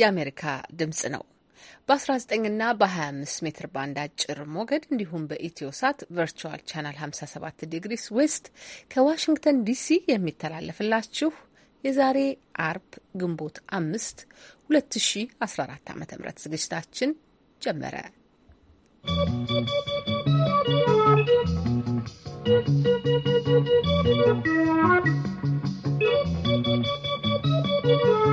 የአሜሪካ ድምጽ ነው። በ19 ና በ25 ሜትር ባንድ አጭር ሞገድ እንዲሁም በኢትዮ ሳት ቨርቹዋል ቻናል 57 ዲግሪስ ዌስት ከዋሽንግተን ዲሲ የሚተላለፍላችሁ የዛሬ አርብ ግንቦት 5 2014 ዓ ም ዝግጅታችን ጀመረ። ¶¶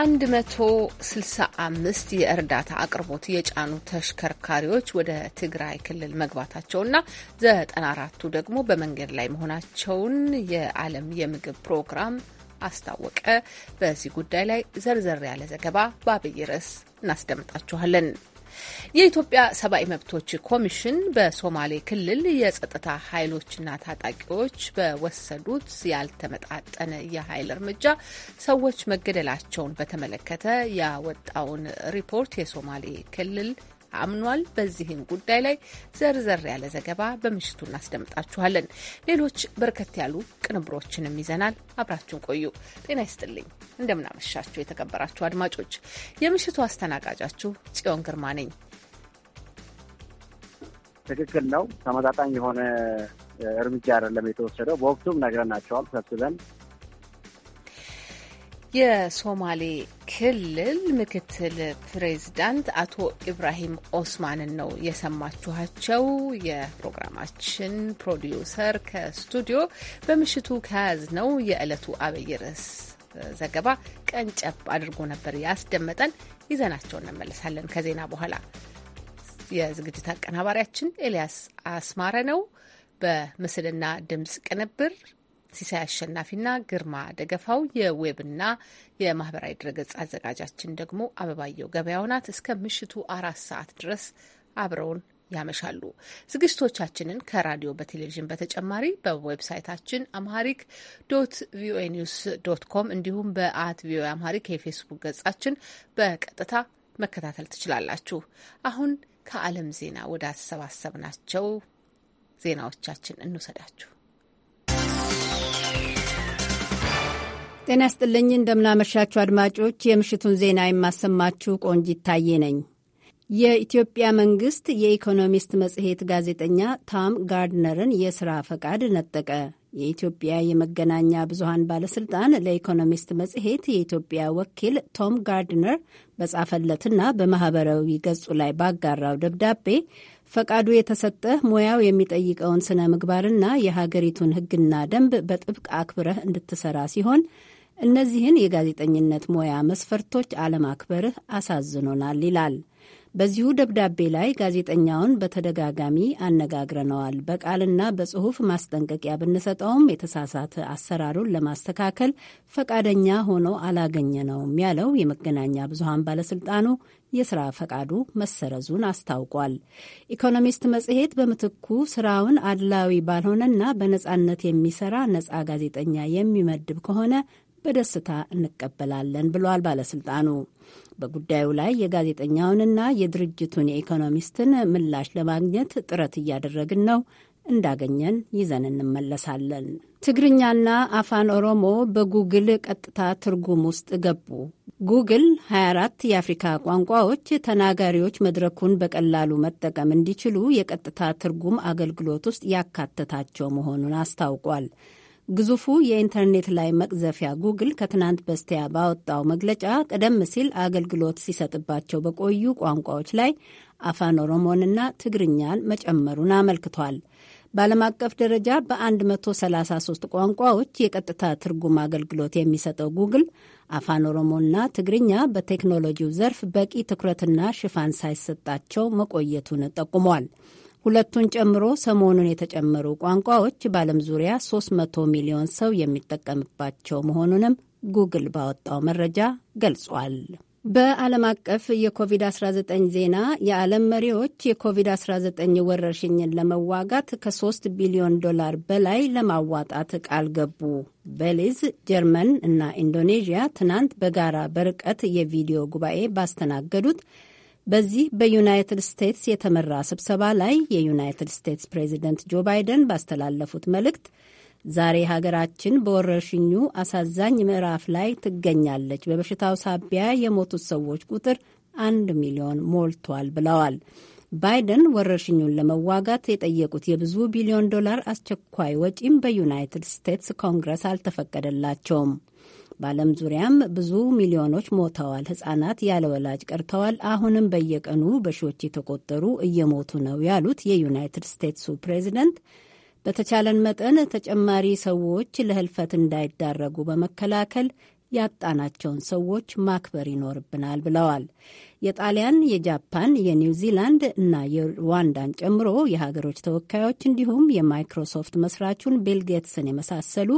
አንድ መቶ ስልሳ አምስት የእርዳታ አቅርቦት የጫኑ ተሽከርካሪዎች ወደ ትግራይ ክልል መግባታቸውና ዘጠና አራቱ ደግሞ በመንገድ ላይ መሆናቸውን የዓለም የምግብ ፕሮግራም አስታወቀ። በዚህ ጉዳይ ላይ ዘርዘር ያለ ዘገባ በአብይ ርዕስ እናስደምጣችኋለን። የኢትዮጵያ ሰብአዊ መብቶች ኮሚሽን በሶማሌ ክልል የጸጥታ ኃይሎችና ታጣቂዎች በወሰዱት ያልተመጣጠነ የኃይል እርምጃ ሰዎች መገደላቸውን በተመለከተ ያወጣውን ሪፖርት የሶማሌ ክልል አምኗል። በዚህም ጉዳይ ላይ ዘርዘር ያለ ዘገባ በምሽቱ እናስደምጣችኋለን። ሌሎች በርከት ያሉ ቅንብሮችንም ይዘናል። አብራችሁን ቆዩ። ጤና ይስጥልኝ። እንደምናመሻችሁ የተከበራችሁ አድማጮች፣ የምሽቱ አስተናጋጃችሁ ጽዮን ግርማ ነኝ። ትክክል ነው። ተመጣጣኝ የሆነ እርምጃ አይደለም የተወሰደው። በወቅቱም ነግረናቸዋል ሰብስበን የሶማሌ ክልል ምክትል ፕሬዚዳንት አቶ ኢብራሂም ኦስማንን ነው የሰማችኋቸው። የፕሮግራማችን ፕሮዲውሰር ከስቱዲዮ በምሽቱ ከያዝነው የዕለቱ አብይ ርዕስ ዘገባ ቀንጨብ አድርጎ ነበር ያስደመጠን። ይዘናቸው እንመለሳለን ከዜና በኋላ። የዝግጅት አቀናባሪያችን ኤልያስ አስማረ ነው። በምስልና ድምፅ ቅንብር ሲሳይ አሸናፊና ግርማ ደገፋው የዌብና የማህበራዊ ድረገጽ አዘጋጃችን ደግሞ አበባየው ገበያው ናት። እስከ ምሽቱ አራት ሰዓት ድረስ አብረውን ያመሻሉ። ዝግጅቶቻችንን ከራዲዮ በቴሌቪዥን በተጨማሪ በዌብሳይታችን አምሃሪክ ዶት ቪኦኤ ኒውስ ዶት ኮም እንዲሁም በአት ቪኦኤ አምሃሪክ የፌስቡክ ገጻችን በቀጥታ መከታተል ትችላላችሁ። አሁን ከዓለም ዜና ወደ አሰባሰብናቸው ዜናዎቻችን እንውሰዳችሁ። ጤና ያስጥልኝ። እንደምናመሻችሁ አድማጮች፣ የምሽቱን ዜና የማሰማችሁ ቆንጂት ታዬ ነኝ። የኢትዮጵያ መንግስት የኢኮኖሚስት መጽሔት ጋዜጠኛ ቶም ጋርድነርን የስራ ፈቃድ ነጠቀ። የኢትዮጵያ የመገናኛ ብዙሀን ባለስልጣን ለኢኮኖሚስት መጽሔት የኢትዮጵያ ወኪል ቶም ጋርድነር በጻፈለትና በማህበራዊ ገጹ ላይ ባጋራው ደብዳቤ ፈቃዱ የተሰጠህ ሙያው የሚጠይቀውን ስነ ምግባርና የሀገሪቱን ሕግና ደንብ በጥብቅ አክብረህ እንድትሰራ ሲሆን እነዚህን የጋዜጠኝነት ሙያ መስፈርቶች አለማክበርህ አሳዝኖናል ይላል። በዚሁ ደብዳቤ ላይ ጋዜጠኛውን በተደጋጋሚ አነጋግረነዋል። በቃልና በጽሁፍ ማስጠንቀቂያ ብንሰጠውም የተሳሳተ አሰራሩን ለማስተካከል ፈቃደኛ ሆኖ አላገኘ ነውም ያለው የመገናኛ ብዙሃን ባለስልጣኑ የስራ ፈቃዱ መሰረዙን አስታውቋል። ኢኮኖሚስት መጽሔት በምትኩ ስራውን አድላዊ ባልሆነና በነጻነት የሚሰራ ነጻ ጋዜጠኛ የሚመድብ ከሆነ በደስታ እንቀበላለን ብለዋል ባለስልጣኑ። በጉዳዩ ላይ የጋዜጠኛውንና የድርጅቱን የኢኮኖሚስትን ምላሽ ለማግኘት ጥረት እያደረግን ነው። እንዳገኘን ይዘን እንመለሳለን። ትግርኛና አፋን ኦሮሞ በጉግል ቀጥታ ትርጉም ውስጥ ገቡ። ጉግል 24 የአፍሪካ ቋንቋዎች ተናጋሪዎች መድረኩን በቀላሉ መጠቀም እንዲችሉ የቀጥታ ትርጉም አገልግሎት ውስጥ ያካተታቸው መሆኑን አስታውቋል። ግዙፉ የኢንተርኔት ላይ መቅዘፊያ ጉግል ከትናንት በስቲያ ባወጣው መግለጫ ቀደም ሲል አገልግሎት ሲሰጥባቸው በቆዩ ቋንቋዎች ላይ አፋን ኦሮሞንና ትግርኛን መጨመሩን አመልክቷል። በዓለም አቀፍ ደረጃ በ133 ቋንቋዎች የቀጥታ ትርጉም አገልግሎት የሚሰጠው ጉግል አፋን ኦሮሞና ትግርኛ በቴክኖሎጂው ዘርፍ በቂ ትኩረትና ሽፋን ሳይሰጣቸው መቆየቱን ጠቁሟል። ሁለቱን ጨምሮ ሰሞኑን የተጨመሩ ቋንቋዎች በዓለም ዙሪያ 300 ሚሊዮን ሰው የሚጠቀምባቸው መሆኑንም ጉግል ባወጣው መረጃ ገልጿል። በዓለም አቀፍ የኮቪድ-19 ዜና የዓለም መሪዎች የኮቪድ-19 ወረርሽኝን ለመዋጋት ከሶስት ቢሊዮን ዶላር በላይ ለማዋጣት ቃል ገቡ። በሊዝ ጀርመን እና ኢንዶኔዥያ ትናንት በጋራ በርቀት የቪዲዮ ጉባኤ ባስተናገዱት በዚህ በዩናይትድ ስቴትስ የተመራ ስብሰባ ላይ የዩናይትድ ስቴትስ ፕሬዚደንት ጆ ባይደን ባስተላለፉት መልእክት ዛሬ ሀገራችን በወረርሽኙ አሳዛኝ ምዕራፍ ላይ ትገኛለች፣ በበሽታው ሳቢያ የሞቱት ሰዎች ቁጥር አንድ ሚሊዮን ሞልቷል ብለዋል። ባይደን ወረርሽኙን ለመዋጋት የጠየቁት የብዙ ቢሊዮን ዶላር አስቸኳይ ወጪም በዩናይትድ ስቴትስ ኮንግረስ አልተፈቀደላቸውም። በዓለም ዙሪያም ብዙ ሚሊዮኖች ሞተዋል። ህጻናት ያለ ወላጅ ቀርተዋል። አሁንም በየቀኑ በሺዎች የተቆጠሩ እየሞቱ ነው ያሉት የዩናይትድ ስቴትሱ ፕሬዚደንት በተቻለን መጠን ተጨማሪ ሰዎች ለህልፈት እንዳይዳረጉ በመከላከል ያጣናቸውን ሰዎች ማክበር ይኖርብናል ብለዋል። የጣሊያን፣ የጃፓን፣ የኒውዚላንድ እና የሩዋንዳን ጨምሮ የሀገሮች ተወካዮች እንዲሁም የማይክሮሶፍት መስራቹን ቢል ጌትስን የመሳሰሉ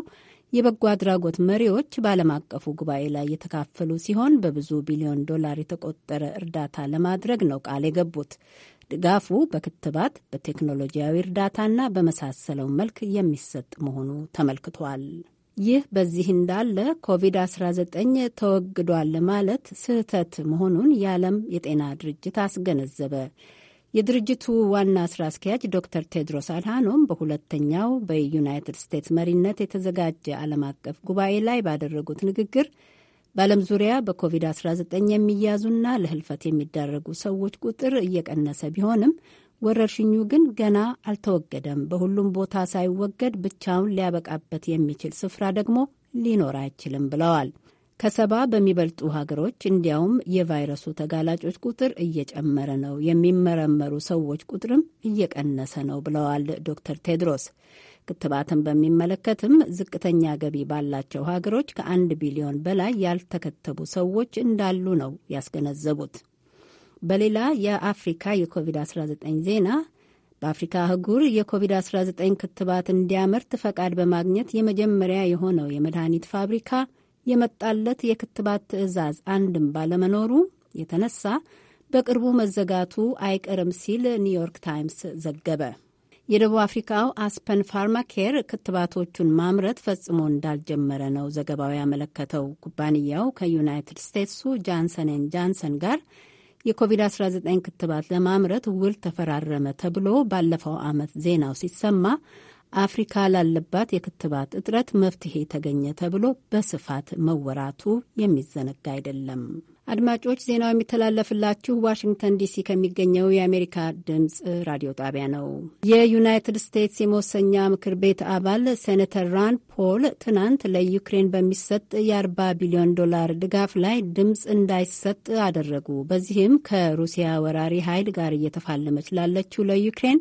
የበጎ አድራጎት መሪዎች በዓለም አቀፉ ጉባኤ ላይ የተካፈሉ ሲሆን በብዙ ቢሊዮን ዶላር የተቆጠረ እርዳታ ለማድረግ ነው ቃል የገቡት። ድጋፉ በክትባት በቴክኖሎጂያዊ እርዳታና በመሳሰለው መልክ የሚሰጥ መሆኑ ተመልክቷል። ይህ በዚህ እንዳለ ኮቪድ-19 ተወግዷል ማለት ስህተት መሆኑን የዓለም የጤና ድርጅት አስገነዘበ። የድርጅቱ ዋና ስራ አስኪያጅ ዶክተር ቴድሮስ አድሃኖም በሁለተኛው በዩናይትድ ስቴትስ መሪነት የተዘጋጀ ዓለም አቀፍ ጉባኤ ላይ ባደረጉት ንግግር በዓለም ዙሪያ በኮቪድ-19 የሚያዙና ለህልፈት የሚዳረጉ ሰዎች ቁጥር እየቀነሰ ቢሆንም ወረርሽኙ ግን ገና አልተወገደም። በሁሉም ቦታ ሳይወገድ ብቻውን ሊያበቃበት የሚችል ስፍራ ደግሞ ሊኖር አይችልም ብለዋል። ከሰባ በሚበልጡ ሀገሮች እንዲያውም የቫይረሱ ተጋላጮች ቁጥር እየጨመረ ነው፣ የሚመረመሩ ሰዎች ቁጥርም እየቀነሰ ነው ብለዋል ዶክተር ቴድሮስ። ክትባትን በሚመለከትም ዝቅተኛ ገቢ ባላቸው ሀገሮች ከአንድ ቢሊዮን በላይ ያልተከተቡ ሰዎች እንዳሉ ነው ያስገነዘቡት። በሌላ የአፍሪካ የኮቪድ-19 ዜና በአፍሪካ አህጉር የኮቪድ-19 ክትባት እንዲያመርት ፈቃድ በማግኘት የመጀመሪያ የሆነው የመድኃኒት ፋብሪካ የመጣለት የክትባት ትዕዛዝ አንድም ባለመኖሩ የተነሳ በቅርቡ መዘጋቱ አይቀርም ሲል ኒውዮርክ ታይምስ ዘገበ። የደቡብ አፍሪካው አስፐን ፋርማኬር ክትባቶቹን ማምረት ፈጽሞ እንዳልጀመረ ነው ዘገባው ያመለከተው። ኩባንያው ከዩናይትድ ስቴትሱ ጃንሰንን ጃንሰን ጋር የኮቪድ-19 ክትባት ለማምረት ውል ተፈራረመ ተብሎ ባለፈው ዓመት ዜናው ሲሰማ አፍሪካ ላለባት የክትባት እጥረት መፍትሄ ተገኘ ተብሎ በስፋት መወራቱ የሚዘነጋ አይደለም። አድማጮች፣ ዜናው የሚተላለፍላችሁ ዋሽንግተን ዲሲ ከሚገኘው የአሜሪካ ድምፅ ራዲዮ ጣቢያ ነው። የዩናይትድ ስቴትስ የመወሰኛ ምክር ቤት አባል ሴኔተር ራን ፖል ትናንት ለዩክሬን በሚሰጥ የ40 ቢሊዮን ዶላር ድጋፍ ላይ ድምፅ እንዳይሰጥ አደረጉ። በዚህም ከሩሲያ ወራሪ ኃይል ጋር እየተፋለመች ላለችው ለዩክሬን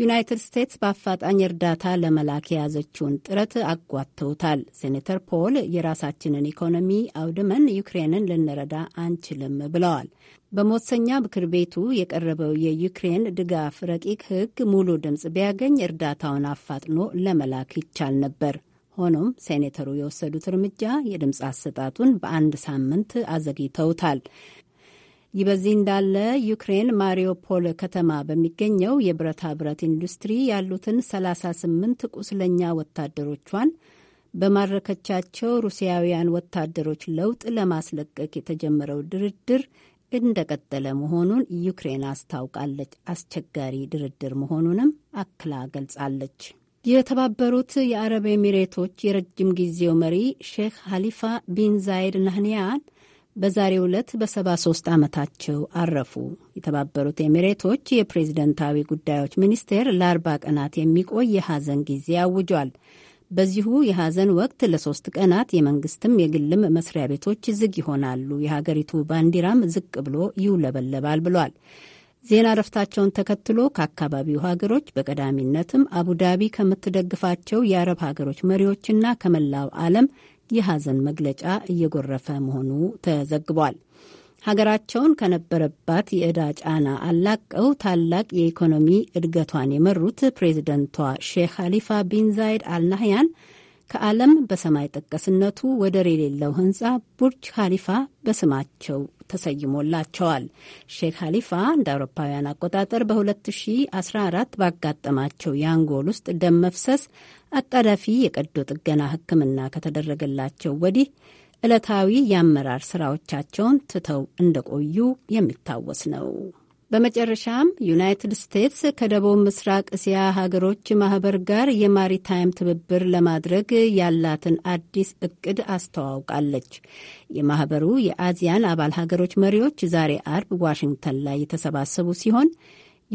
ዩናይትድ ስቴትስ በአፋጣኝ እርዳታ ለመላክ የያዘችውን ጥረት አጓተውታል። ሴኔተር ፖል የራሳችንን ኢኮኖሚ አውድመን ዩክሬንን ልንረዳ አንችልም ብለዋል። በመወሰኛ ምክር ቤቱ የቀረበው የዩክሬን ድጋፍ ረቂቅ ሕግ ሙሉ ድምፅ ቢያገኝ እርዳታውን አፋጥኖ ለመላክ ይቻል ነበር። ሆኖም ሴኔተሩ የወሰዱት እርምጃ የድምፅ አሰጣጡን በአንድ ሳምንት አዘግይተውታል። ይህ በዚህ እንዳለ ዩክሬን ማሪዮፖል ከተማ በሚገኘው የብረታ ብረት ኢንዱስትሪ ያሉትን 38 ቁስለኛ ወታደሮቿን በማረከቻቸው ሩሲያውያን ወታደሮች ለውጥ ለማስለቀቅ የተጀመረው ድርድር እንደቀጠለ መሆኑን ዩክሬን አስታውቃለች። አስቸጋሪ ድርድር መሆኑንም አክላ ገልጻለች። የተባበሩት የአረብ ኤሚሬቶች የረጅም ጊዜው መሪ ሼክ ሀሊፋ ቢን ዛይድ ናህንያን በዛሬው ዕለት በ73 ዓመታቸው አረፉ። የተባበሩት ኤሚሬቶች የፕሬዝደንታዊ ጉዳዮች ሚኒስቴር ለአርባ ቀናት የሚቆይ የሐዘን ጊዜ አውጇል። በዚሁ የሐዘን ወቅት ለሶስት ቀናት የመንግስትም የግልም መስሪያ ቤቶች ዝግ ይሆናሉ። የሀገሪቱ ባንዲራም ዝቅ ብሎ ይውለበለባል ብሏል። ዜና እረፍታቸውን ተከትሎ ከአካባቢው ሀገሮች በቀዳሚነትም አቡዳቢ ከምትደግፋቸው የአረብ ሀገሮች መሪዎችና ከመላው ዓለም የሐዘን መግለጫ እየጎረፈ መሆኑ ተዘግቧል። ሀገራቸውን ከነበረባት የዕዳ ጫና አላቀው ታላቅ የኢኮኖሚ እድገቷን የመሩት ፕሬዚደንቷ ሼህ ሀሊፋ ቢን ዛይድ አልናህያን ከዓለም በሰማይ ጠቀስነቱ ወደር የሌለው ህንፃ ቡርጅ ሃሊፋ በስማቸው ተሰይሞላቸዋል። ሼክ ሃሊፋ እንደ አውሮፓውያን አቆጣጠር በ2014 ባጋጠማቸው የአንጎል ውስጥ ደም መፍሰስ አጣዳፊ የቀዶ ጥገና ሕክምና ከተደረገላቸው ወዲህ ዕለታዊ የአመራር ስራዎቻቸውን ትተው እንደቆዩ የሚታወስ ነው። በመጨረሻም ዩናይትድ ስቴትስ ከደቡብ ምስራቅ እስያ ሀገሮች ማህበር ጋር የማሪታይም ትብብር ለማድረግ ያላትን አዲስ እቅድ አስተዋውቃለች። የማህበሩ የአዚያን አባል ሀገሮች መሪዎች ዛሬ አርብ ዋሽንግተን ላይ የተሰባሰቡ ሲሆን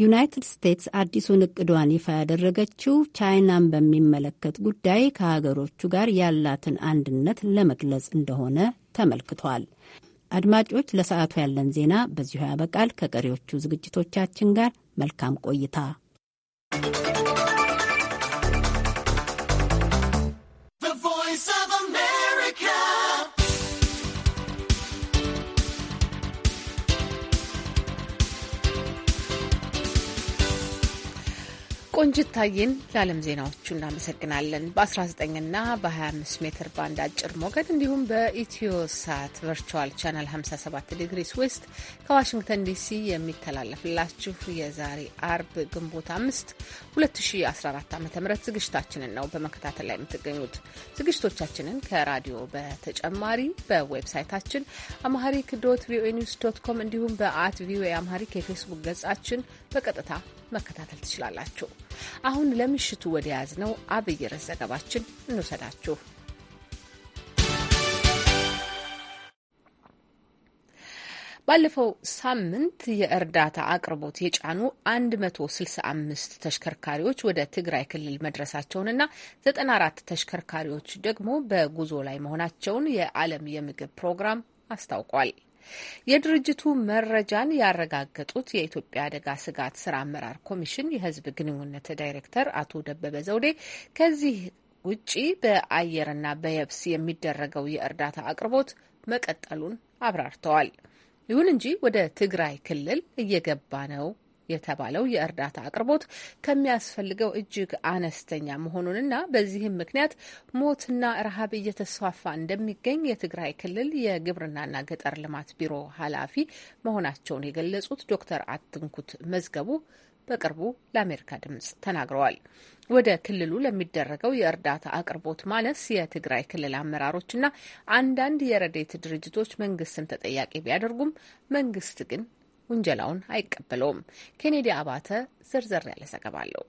ዩናይትድ ስቴትስ አዲሱን እቅዷን ይፋ ያደረገችው ቻይናን በሚመለከት ጉዳይ ከሀገሮቹ ጋር ያላትን አንድነት ለመግለጽ እንደሆነ ተመልክቷል። አድማጮች፣ ለሰዓቱ ያለን ዜና በዚሁ ያበቃል። ከቀሪዎቹ ዝግጅቶቻችን ጋር መልካም ቆይታ ቆንጅት ታዬን ለዓለም ዜናዎቹ እናመሰግናለን። በ19ና በ25 ሜትር ባንድ አጭር ሞገድ እንዲሁም በኢትዮ ሳት ቨርቹዋል ቻናል 57 ዲግሪ ዌስት ከዋሽንግተን ዲሲ የሚተላለፍላችሁ የዛሬ አርብ ግንቦት 5 2014 ዓ ም ዝግጅታችንን ነው በመከታተል ላይ የምትገኙት። ዝግጅቶቻችንን ከራዲዮ በተጨማሪ በዌብሳይታችን አማሪክ ዶት ቪኦኤ ኒውስ ዶት ኮም እንዲሁም በአት ቪኦኤ አማሪክ የፌስቡክ ገጻችን በቀጥታ መከታተል ትችላላችሁ። አሁን ለምሽቱ ወደ ያዝነው አብይ ርዕስ ዘገባችን እንውሰዳችሁ። ባለፈው ሳምንት የእርዳታ አቅርቦት የጫኑ 165 ተሽከርካሪዎች ወደ ትግራይ ክልል መድረሳቸውንና 94 ተሽከርካሪዎች ደግሞ በጉዞ ላይ መሆናቸውን የዓለም የምግብ ፕሮግራም አስታውቋል። የድርጅቱ መረጃን ያረጋገጡት የኢትዮጵያ አደጋ ስጋት ስራ አመራር ኮሚሽን የህዝብ ግንኙነት ዳይሬክተር አቶ ደበበ ዘውዴ ከዚህ ውጪ በአየርና በየብስ የሚደረገው የእርዳታ አቅርቦት መቀጠሉን አብራርተዋል። ይሁን እንጂ ወደ ትግራይ ክልል እየገባ ነው የተባለው የእርዳታ አቅርቦት ከሚያስፈልገው እጅግ አነስተኛ መሆኑንና በዚህም ምክንያት ሞትና ረሃብ እየተስፋፋ እንደሚገኝ የትግራይ ክልል የግብርናና ገጠር ልማት ቢሮ ኃላፊ መሆናቸውን የገለጹት ዶክተር አትንኩት መዝገቡ በቅርቡ ለአሜሪካ ድምጽ ተናግረዋል። ወደ ክልሉ ለሚደረገው የእርዳታ አቅርቦት ማነስ የትግራይ ክልል አመራሮችና አንዳንድ የረዴት ድርጅቶች መንግስትን ተጠያቂ ቢያደርጉም መንግስት ግን ውንጀላውን አይቀበለውም። ኬኔዲ አባተ ዝርዝር ያለ ዘገባ አለው።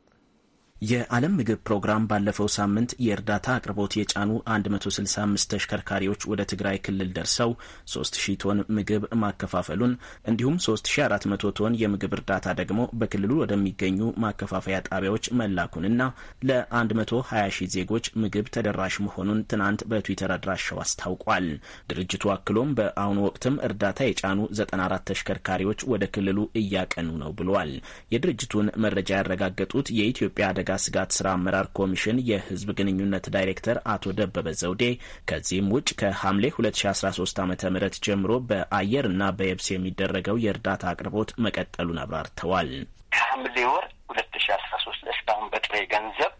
የዓለም ምግብ ፕሮግራም ባለፈው ሳምንት የእርዳታ አቅርቦት የጫኑ 165 ተሽከርካሪዎች ወደ ትግራይ ክልል ደርሰው 3000 ቶን ምግብ ማከፋፈሉን እንዲሁም 3400 ቶን የምግብ እርዳታ ደግሞ በክልሉ ወደሚገኙ ማከፋፈያ ጣቢያዎች መላኩንና ለ120 ሺህ ዜጎች ምግብ ተደራሽ መሆኑን ትናንት በትዊተር አድራሻው አስታውቋል። ድርጅቱ አክሎም በአሁኑ ወቅትም እርዳታ የጫኑ 94 ተሽከርካሪዎች ወደ ክልሉ እያቀኑ ነው ብሏል። የድርጅቱን መረጃ ያረጋገጡት የኢትዮጵያ አደጋ አደጋ ስጋት ስራ አመራር ኮሚሽን የህዝብ ግንኙነት ዳይሬክተር አቶ ደበበ ዘውዴ ከዚህም ውጭ ከሐምሌ 2013 ዓ ም ጀምሮ በአየርና በየብስ የሚደረገው የእርዳታ አቅርቦት መቀጠሉን አብራርተዋል። ከሐምሌ ወር 2013 እስካሁን በጥሬ ገንዘብ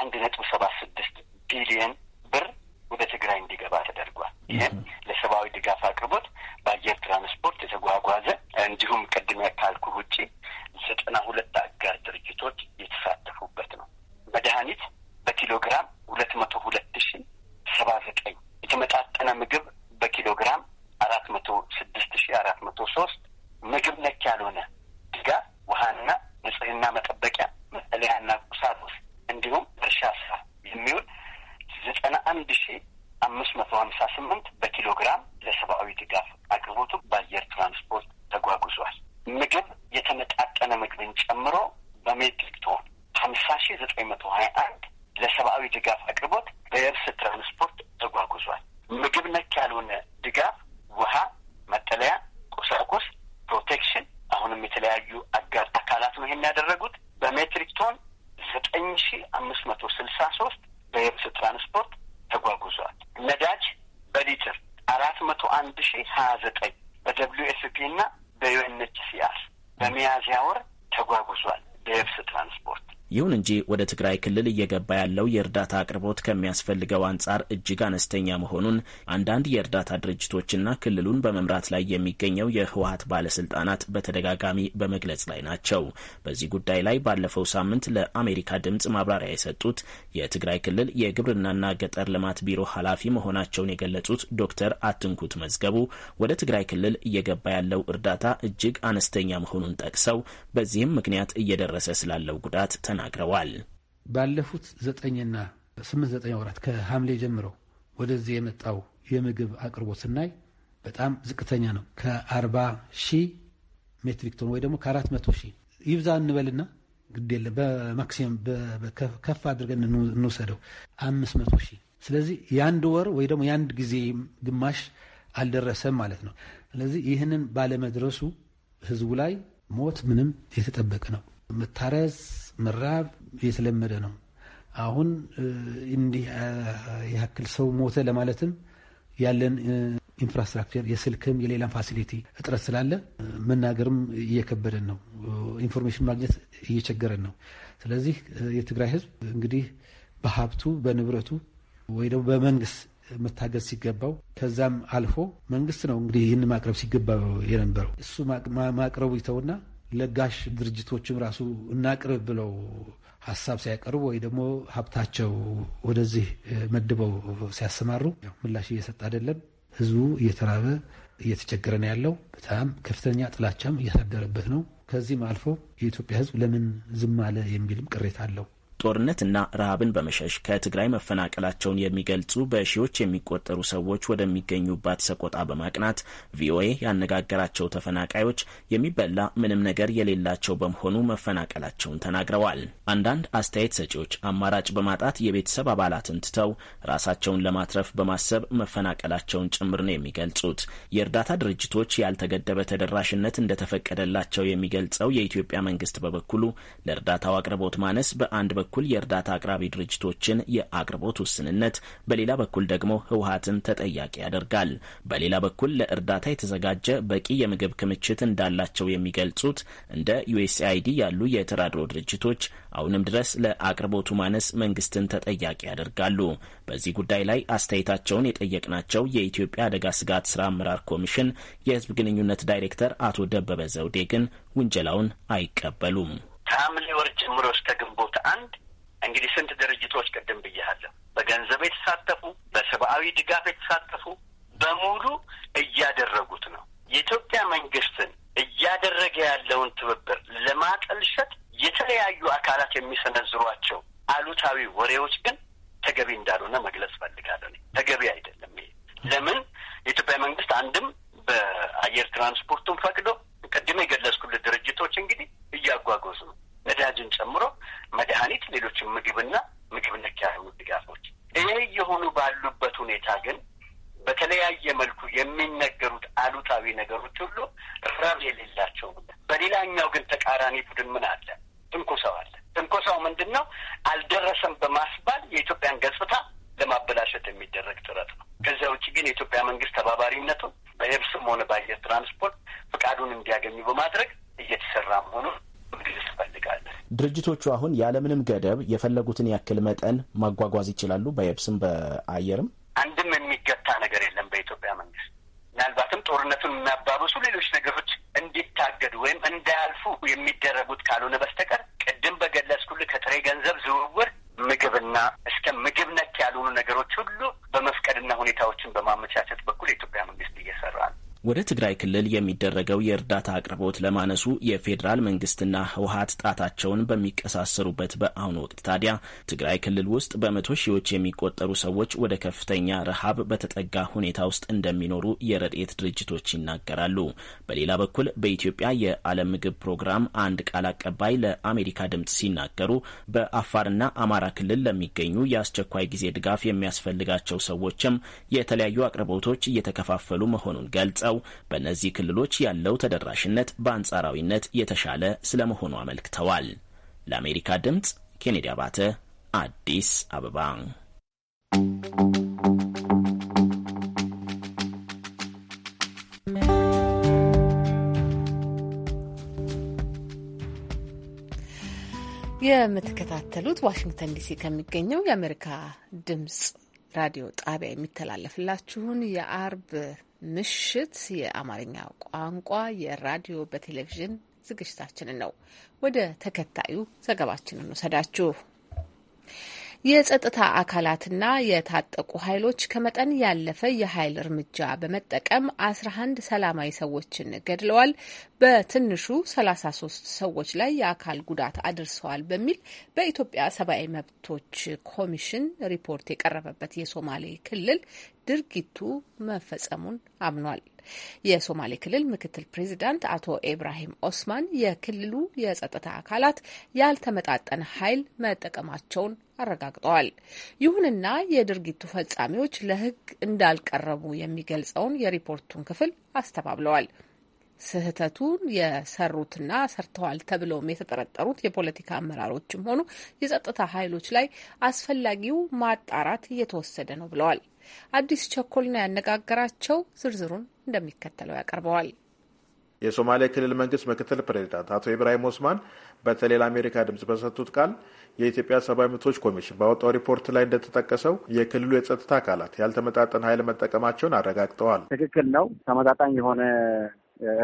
አንድ ነጥብ ሰባት ስድስት ቢሊየን ብር ወደ ትግራይ እንዲገባ ተደርጓል። ይህም ለሰብአዊ ድጋፍ አቅርቦት በአየር ትራንስፖርት የተጓጓዘ እንዲሁም ቅድሚያ ካልኩ ውጪ ዘጠና ሁለት አጋር ድርጅቶች የተሳተፉበት ነው። መድኃኒት በኪሎግራም ሁለት መቶ ሁለት ሺ ሰባ ዘጠኝ የተመጣጠነ ምግብ በኪሎግራም አራት መቶ ስድስት ሺ አራት መቶ ሶስት ምግብ ነክ ያልሆነ ድጋፍ ውሃና ንጽህና መጠበቂያ መጠለያና ቁሳቁስ እንዲሁም እርሻ ስራ የሚውል ዘጠና አንድ ሺ አምስት መቶ ሀምሳ ስምንት በኪሎ ግራም ለሰብአዊ ድጋፍ አቅርቦቱ በአየር ትራንስፖርት ተጓጉዟል። ምግብ የተመጣጠነ ምግብን ጨምሮ በሜትሪክ ቶን ሀምሳ ሺ ዘጠኝ መቶ ሀያ አንድ ለሰብአዊ ድጋፍ አቅርቦት በየብስ ትራንስፖርት ተጓጉዟል። ምግብ ነክ ያልሆነ ድጋፍ ውሃ፣ መጠለያ፣ ቁሳቁስ፣ ፕሮቴክሽን አሁንም የተለያዩ አጋር አካላት ነው ይሄን ያደረጉት በሜትሪክ ቶን ዘጠኝ ሺ አምስት መቶ ስልሳ ሶስት በየብስ ትራንስፖርት ተጓጉዟል። ነዳጅ በሊትር አራት መቶ አንድ ሺ ሀያ ዘጠኝ በደብሊዩ ኤስ ፒ እና በዩኤንኤችሲአር በሚያዝያ ወር ተጓጉዟል በየብስ ትራንስፖርት ይሁን እንጂ ወደ ትግራይ ክልል እየገባ ያለው የእርዳታ አቅርቦት ከሚያስፈልገው አንጻር እጅግ አነስተኛ መሆኑን አንዳንድ የእርዳታ ድርጅቶችና ክልሉን በመምራት ላይ የሚገኘው የህወሀት ባለስልጣናት በተደጋጋሚ በመግለጽ ላይ ናቸው። በዚህ ጉዳይ ላይ ባለፈው ሳምንት ለአሜሪካ ድምፅ ማብራሪያ የሰጡት የትግራይ ክልል የግብርናና ገጠር ልማት ቢሮ ኃላፊ መሆናቸውን የገለጹት ዶክተር አትንኩት መዝገቡ ወደ ትግራይ ክልል እየገባ ያለው እርዳታ እጅግ አነስተኛ መሆኑን ጠቅሰው በዚህም ምክንያት እየደረሰ ስላለው ጉዳት ተናግረዋል። ተናግረዋል። ባለፉት ዘጠኝና ስምንት ዘጠኝ ወራት ከሐምሌ ጀምሮ ወደዚህ የመጣው የምግብ አቅርቦት ስናይ በጣም ዝቅተኛ ነው። ከአርባ ሺህ ሜትሪክ ቶን ወይ ደግሞ ከአራት መቶ ሺህ ይብዛ እንበልና ግድ የለም በማክሲም ከፍ አድርገን እንውሰደው አምስት መቶ ሺህ ስለዚህ የአንድ ወር ወይ ደግሞ የአንድ ጊዜ ግማሽ አልደረሰም ማለት ነው። ስለዚህ ይህንን ባለመድረሱ ህዝቡ ላይ ሞት ምንም የተጠበቀ ነው። መታረስ፣ መራብ የተለመደ ነው። አሁን እንዲህ ያክል ሰው ሞተ ለማለትም ያለን ኢንፍራስትራክቸር የስልክም የሌላም ፋሲሊቲ እጥረት ስላለ መናገርም እየከበደን ነው። ኢንፎርሜሽን ማግኘት እየቸገረን ነው። ስለዚህ የትግራይ ሕዝብ እንግዲህ በሀብቱ በንብረቱ ወይ ደግሞ በመንግስት መታገዝ ሲገባው ከዛም አልፎ መንግስት ነው እንግዲህ ይህን ማቅረብ ሲገባ የነበረው እሱ ማቅረቡ ይተውና ለጋሽ ድርጅቶችም ራሱ እናቅርብ ብለው ሀሳብ ሲያቀርቡ ወይ ደግሞ ሀብታቸው ወደዚህ መድበው ሲያሰማሩ ምላሽ እየሰጠ አይደለም። ህዝቡ እየተራበ እየተቸገረ ነው ያለው። በጣም ከፍተኛ ጥላቻም እያሳደረበት ነው። ከዚህም አልፎ የኢትዮጵያ ህዝብ ለምን ዝም አለ የሚልም ቅሬታ አለው። ጦርነትና ረሃብን በመሸሽ ከትግራይ መፈናቀላቸውን የሚገልጹ በሺዎች የሚቆጠሩ ሰዎች ወደሚገኙባት ሰቆጣ በማቅናት ቪኦኤ ያነጋገራቸው ተፈናቃዮች የሚበላ ምንም ነገር የሌላቸው በመሆኑ መፈናቀላቸውን ተናግረዋል። አንዳንድ አስተያየት ሰጪዎች አማራጭ በማጣት የቤተሰብ አባላትን ትተው ራሳቸውን ለማትረፍ በማሰብ መፈናቀላቸውን ጭምር ነው የሚገልጹት። የእርዳታ ድርጅቶች ያልተገደበ ተደራሽነት እንደተፈቀደላቸው የሚገልጸው የኢትዮጵያ መንግስት በበኩሉ ለእርዳታው አቅርቦት ማነስ በአንድ በኩል በኩል የእርዳታ አቅራቢ ድርጅቶችን የአቅርቦት ውስንነት፣ በሌላ በኩል ደግሞ ህወሀትን ተጠያቂ ያደርጋል። በሌላ በኩል ለእርዳታ የተዘጋጀ በቂ የምግብ ክምችት እንዳላቸው የሚገልጹት እንደ ዩኤስአይዲ ያሉ የተራድሮ ድርጅቶች አሁንም ድረስ ለአቅርቦቱ ማነስ መንግስትን ተጠያቂ ያደርጋሉ። በዚህ ጉዳይ ላይ አስተያየታቸውን የጠየቅናቸው የኢትዮጵያ አደጋ ስጋት ስራ አመራር ኮሚሽን የህዝብ ግንኙነት ዳይሬክተር አቶ ደበበ ዘውዴ ግን ውንጀላውን አይቀበሉም። ከሐምሌ ወር ጀምሮ እስከ ግንቦት አንድ እንግዲህ ስንት ድርጅቶች ቅድም ብያለሁ፣ በገንዘብ የተሳተፉ በሰብአዊ ድጋፍ የተሳተፉ በሙሉ እያደረጉት ነው። የኢትዮጵያ መንግስትን እያደረገ ያለውን ትብብር ለማጠልሸት የተለያዩ አካላት የሚሰነዝሯቸው አሉታዊ ወሬዎች ግን ተገቢ እንዳልሆነ መግለጽ ፈልጋለሁ። ተገቢ አይደለም። ይሄ ለምን የኢትዮጵያ መንግስት አንድም በአየር ትራንስፖርቱን ፈቅዶ ቅድም የገለጽኩልህ ድርጅቶች እንግዲህ እያጓጓዙ ነው። ነዳጅን ጨምሮ መድኃኒት፣ ሌሎችም ምግብና ምግብ ነክ ያሉ ድጋፎች። ይሄ እየሆኑ ባሉበት ሁኔታ ግን በተለያየ መልኩ የሚነገሩት አሉታዊ ነገሮች ሁሉ ረብ የሌላቸው። በሌላኛው ግን ተቃራኒ ቡድን ምን አለ? ትንኮሳው አለ። ትንኮሳው ምንድን ነው? አልደረሰም በማስባል የኢትዮጵያን ገጽታ ለማበላሸት የሚደረግ ጥረት ነው። ከዚያ ውጭ ግን የኢትዮጵያ መንግስት ተባባሪነቱ በየብስም ሆነ በአየር ትራንስፖርት ፍቃዱን እንዲያገኙ በማድረግ እየተሰራ መሆኑን መግለጽ እፈልጋለሁ። ድርጅቶቹ አሁን ያለምንም ገደብ የፈለጉትን ያክል መጠን ማጓጓዝ ይችላሉ፣ በየብስም በአየርም። አንድም የሚገታ ነገር የለም በኢትዮጵያ መንግስት። ምናልባትም ጦርነቱን የሚያባብሱ ሌሎች ነገሮች እንዲታገዱ ወይም እንዳያልፉ የሚደረጉት ካልሆነ በስተቀር ቅድም በገለጽኩልህ ከጥሬ ገንዘብ ዝውውር ምግብና እስከ ምግብ ነክ ያልሆኑ ነገሮች ሁሉ በመፍቀድና ሁኔታዎችን በማመቻቸት ወደ ትግራይ ክልል የሚደረገው የእርዳታ አቅርቦት ለማነሱ የፌዴራል መንግስትና ህወሀት ጣታቸውን በሚቀሳሰሩበት በአሁኑ ወቅት ታዲያ ትግራይ ክልል ውስጥ በመቶ ሺዎች የሚቆጠሩ ሰዎች ወደ ከፍተኛ ረሃብ በተጠጋ ሁኔታ ውስጥ እንደሚኖሩ የረድኤት ድርጅቶች ይናገራሉ። በሌላ በኩል በኢትዮጵያ የዓለም ምግብ ፕሮግራም አንድ ቃል አቀባይ ለአሜሪካ ድምፅ ሲናገሩ በአፋርና አማራ ክልል ለሚገኙ የአስቸኳይ ጊዜ ድጋፍ የሚያስፈልጋቸው ሰዎችም የተለያዩ አቅርቦቶች እየተከፋፈሉ መሆኑን ገልጸው ገልጸው በእነዚህ ክልሎች ያለው ተደራሽነት በአንጻራዊነት የተሻለ ስለመሆኑ አመልክተዋል። ለአሜሪካ ድምፅ ኬኔዲ አባተ አዲስ አበባ። የምትከታተሉት ዋሽንግተን ዲሲ ከሚገኘው የአሜሪካ ድምጽ ራዲዮ ጣቢያ የሚተላለፍላችሁን የአርብ ምሽት የአማርኛ ቋንቋ የራዲዮ በቴሌቪዥን ዝግጅታችንን ነው። ወደ ተከታዩ ዘገባችንን ውሰዳችሁ። የጸጥታ አካላትና የታጠቁ ኃይሎች ከመጠን ያለፈ የኃይል እርምጃ በመጠቀም 11 ሰላማዊ ሰዎችን ገድለዋል፣ በትንሹ 33 ሰዎች ላይ የአካል ጉዳት አድርሰዋል በሚል በኢትዮጵያ ሰብአዊ መብቶች ኮሚሽን ሪፖርት የቀረበበት የሶማሌ ክልል ድርጊቱ መፈጸሙን አምኗል። የሶማሌ ክልል ምክትል ፕሬዚዳንት አቶ ኢብራሂም ኦስማን የክልሉ የጸጥታ አካላት ያልተመጣጠነ ኃይል መጠቀማቸውን አረጋግጠዋል። ይሁንና የድርጊቱ ፈጻሚዎች ለሕግ እንዳልቀረቡ የሚገልጸውን የሪፖርቱን ክፍል አስተባብለዋል። ስህተቱን የሰሩትና ሰርተዋል ተብለውም የተጠረጠሩት የፖለቲካ አመራሮችም ሆኑ የጸጥታ ኃይሎች ላይ አስፈላጊው ማጣራት እየተወሰደ ነው ብለዋል። አዲስ ቸኮልና ያነጋገራቸው ዝርዝሩን እንደሚከተለው ያቀርበዋል። የሶማሌ ክልል መንግስት ምክትል ፕሬዚዳንት አቶ ኢብራሂም ኦስማን በተለይ ለአሜሪካ ድምጽ በሰጡት ቃል የኢትዮጵያ ሰብአዊ መብቶች ኮሚሽን ባወጣው ሪፖርት ላይ እንደተጠቀሰው የክልሉ የጸጥታ አካላት ያልተመጣጠን ኃይል መጠቀማቸውን አረጋግጠዋል። ትክክል ነው። ተመጣጣኝ የሆነ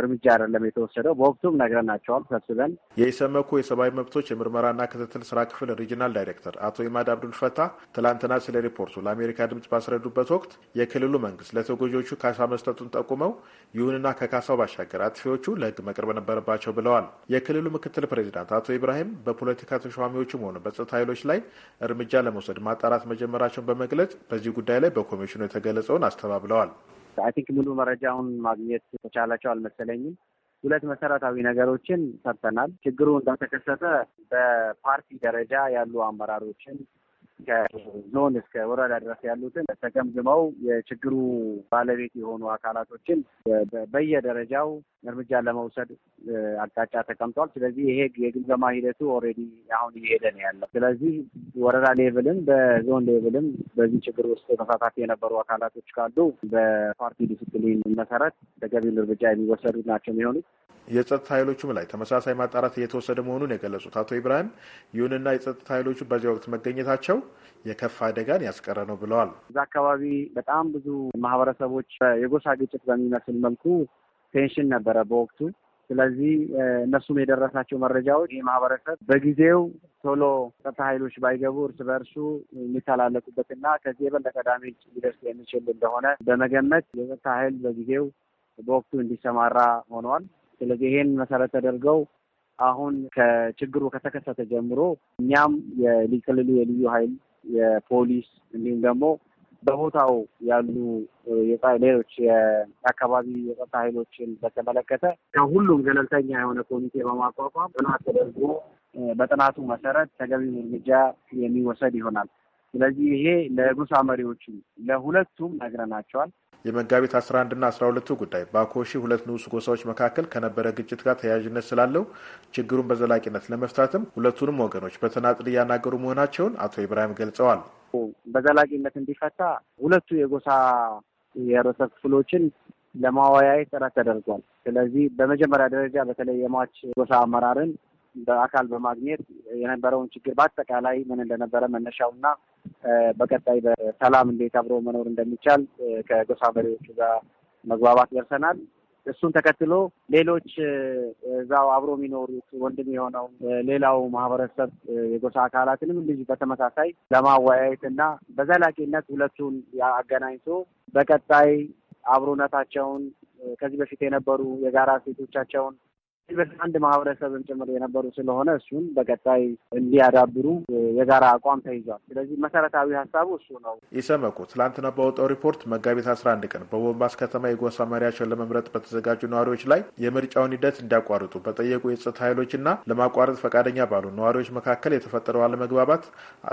እርምጃ አይደለም የተወሰደው። በወቅቱም ነግረናቸዋል ሰብስበን። የኢሰመኮ የሰብአዊ መብቶች የምርመራና ክትትል ስራ ክፍል ሪጂናል ዳይሬክተር አቶ ኢማድ አብዱልፈታ ትላንትና ስለ ሪፖርቱ ለአሜሪካ ድምጽ ባስረዱበት ወቅት የክልሉ መንግስት ለተጎጂዎቹ ካሳ መስጠቱን ጠቁመው፣ ይሁንና ከካሳው ባሻገር አጥፊዎቹ ለህግ መቅረብ ነበረባቸው ብለዋል። የክልሉ ምክትል ፕሬዚዳንት አቶ ኢብራሂም በፖለቲካ ተሿሚዎችም ሆነ በጸጥታ ኃይሎች ላይ እርምጃ ለመውሰድ ማጣራት መጀመራቸውን በመግለጽ በዚህ ጉዳይ ላይ በኮሚሽኑ የተገለጸውን አስተባብለዋል። አይ ቲንክ ሙሉ መረጃውን ማግኘት የተቻላቸው አልመሰለኝም። ሁለት መሰረታዊ ነገሮችን ሰርተናል። ችግሩ እንዳልተከሰተ በፓርቲ ደረጃ ያሉ አመራሮችን ከዞን እስከ ወረዳ ድረስ ያሉትን ተገምግመው የችግሩ ባለቤት የሆኑ አካላቶችን በየደረጃው እርምጃ ለመውሰድ አቅጣጫ ተቀምጧል። ስለዚህ ይሄ የግምገማ ሂደቱ ኦልሬዲ አሁን እየሄደ ነው ያለው። ስለዚህ ወረዳ ሌቭልም በዞን ሌቭልም በዚህ ችግር ውስጥ ተሳታፊ የነበሩ አካላቶች ካሉ በፓርቲ ዲስፕሊን መሰረት ተገቢውን እርምጃ የሚወሰዱ ናቸው የሚሆኑት። የጸጥታ ኃይሎቹም ላይ ተመሳሳይ ማጣራት እየተወሰደ መሆኑን የገለጹት አቶ ኢብራሂም፣ ይሁንና የጸጥታ ኃይሎቹ በዚያ ወቅት መገኘታቸው የከፋ አደጋን ያስቀረ ነው ብለዋል። እዛ አካባቢ በጣም ብዙ ማህበረሰቦች የጎሳ ግጭት በሚመስል መልኩ ቴንሽን ነበረ በወቅቱ። ስለዚህ እነሱም የደረሳቸው መረጃዎች ይህ ማህበረሰብ በጊዜው ቶሎ ጸጥታ ኃይሎች ባይገቡ እርስ በእርሱ የሚተላለቁበትና ከዚህ የበለጠ ዳሜጅ ሊደርስ የሚችል እንደሆነ በመገመት የጸጥታ ኃይል በጊዜው በወቅቱ እንዲሰማራ ሆኗል። ስለዚህ ይሄን መሰረት ተደርገው አሁን ከችግሩ ከተከሰተ ጀምሮ እኛም የክልሉ የልዩ ኃይል የፖሊስ እንዲሁም ደግሞ በቦታው ያሉ ሌሎች የአካባቢ የጸጥታ ኃይሎችን በተመለከተ ከሁሉም ገለልተኛ የሆነ ኮሚቴ በማቋቋም ጥናት ተደርጎ በጥናቱ መሰረት ተገቢውን እርምጃ የሚወሰድ ይሆናል። ስለዚህ ይሄ ለጉሳ መሪዎችም ለሁለቱም ነግረናቸዋል። የመጋቢት 11ና 12 ጉዳይ በአኮሺ ሁለት ንዑስ ጎሳዎች መካከል ከነበረ ግጭት ጋር ተያያዥነት ስላለው ችግሩን በዘላቂነት ለመፍታትም ሁለቱንም ወገኖች በተናጥል እያናገሩ መሆናቸውን አቶ ኢብራሂም ገልጸዋል። በዘላቂነት እንዲፈታ ሁለቱ የጎሳ የርዕሰ ክፍሎችን ለማወያየት ጥረት ተደርጓል። ስለዚህ በመጀመሪያ ደረጃ በተለይ የሟች ጎሳ አመራርን በአካል በማግኘት የነበረውን ችግር በአጠቃላይ ምን እንደነበረ መነሻውና በቀጣይ በሰላም እንዴት አብሮ መኖር እንደሚቻል ከጎሳ መሪዎቹ ጋር መግባባት ደርሰናል። እሱን ተከትሎ ሌሎች እዛው አብሮ የሚኖሩት ወንድም የሆነው ሌላው ማህበረሰብ የጎሳ አካላትንም እንደዚህ በተመሳሳይ ለማወያየት እና በዘላቂነት ሁለቱን አገናኝቶ በቀጣይ አብሮነታቸውን ከዚህ በፊት የነበሩ የጋራ ሴቶቻቸውን አንድ ማህበረሰብን ጭምር የነበሩ ስለሆነ እሱን በቀጣይ እንዲያዳብሩ የጋራ አቋም ተይዟል። ስለዚህ መሰረታዊ ሀሳቡ እሱ ነው። ኢሰመኮ ትላንትና ባወጣው ሪፖርት መጋቢት አስራ አንድ ቀን በቦምባስ ከተማ የጎሳ መሪያቸውን ለመምረጥ በተዘጋጁ ነዋሪዎች ላይ የምርጫውን ሂደት እንዲያቋርጡ በጠየቁ የጸጥታ ኃይሎችና ለማቋረጥ ፈቃደኛ ባሉ ነዋሪዎች መካከል የተፈጠረው አለመግባባት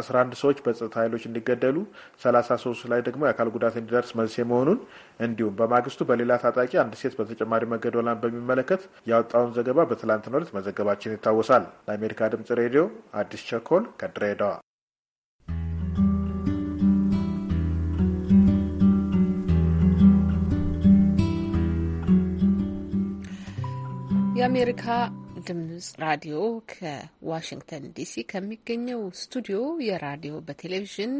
አስራ አንድ ሰዎች በጸጥታ ኃይሎች እንዲገደሉ፣ ሰላሳ ሶስት ላይ ደግሞ የአካል ጉዳት እንዲደርስ መንስኤ መሆኑን እንዲሁም በማግስቱ በሌላ ታጣቂ አንድ ሴት በተጨማሪ መገደሏን በሚመለከት ያወጣውን ዘገባ በትላንትናው ዕለት መዘገባችን ይታወሳል። ለአሜሪካ ድምጽ ሬዲዮ አዲስ ቸኮል ከድሬዳዋ። የአሜሪካ ድምጽ ራዲዮ ከዋሽንግተን ዲሲ ከሚገኘው ስቱዲዮ የራዲዮ በቴሌቪዥን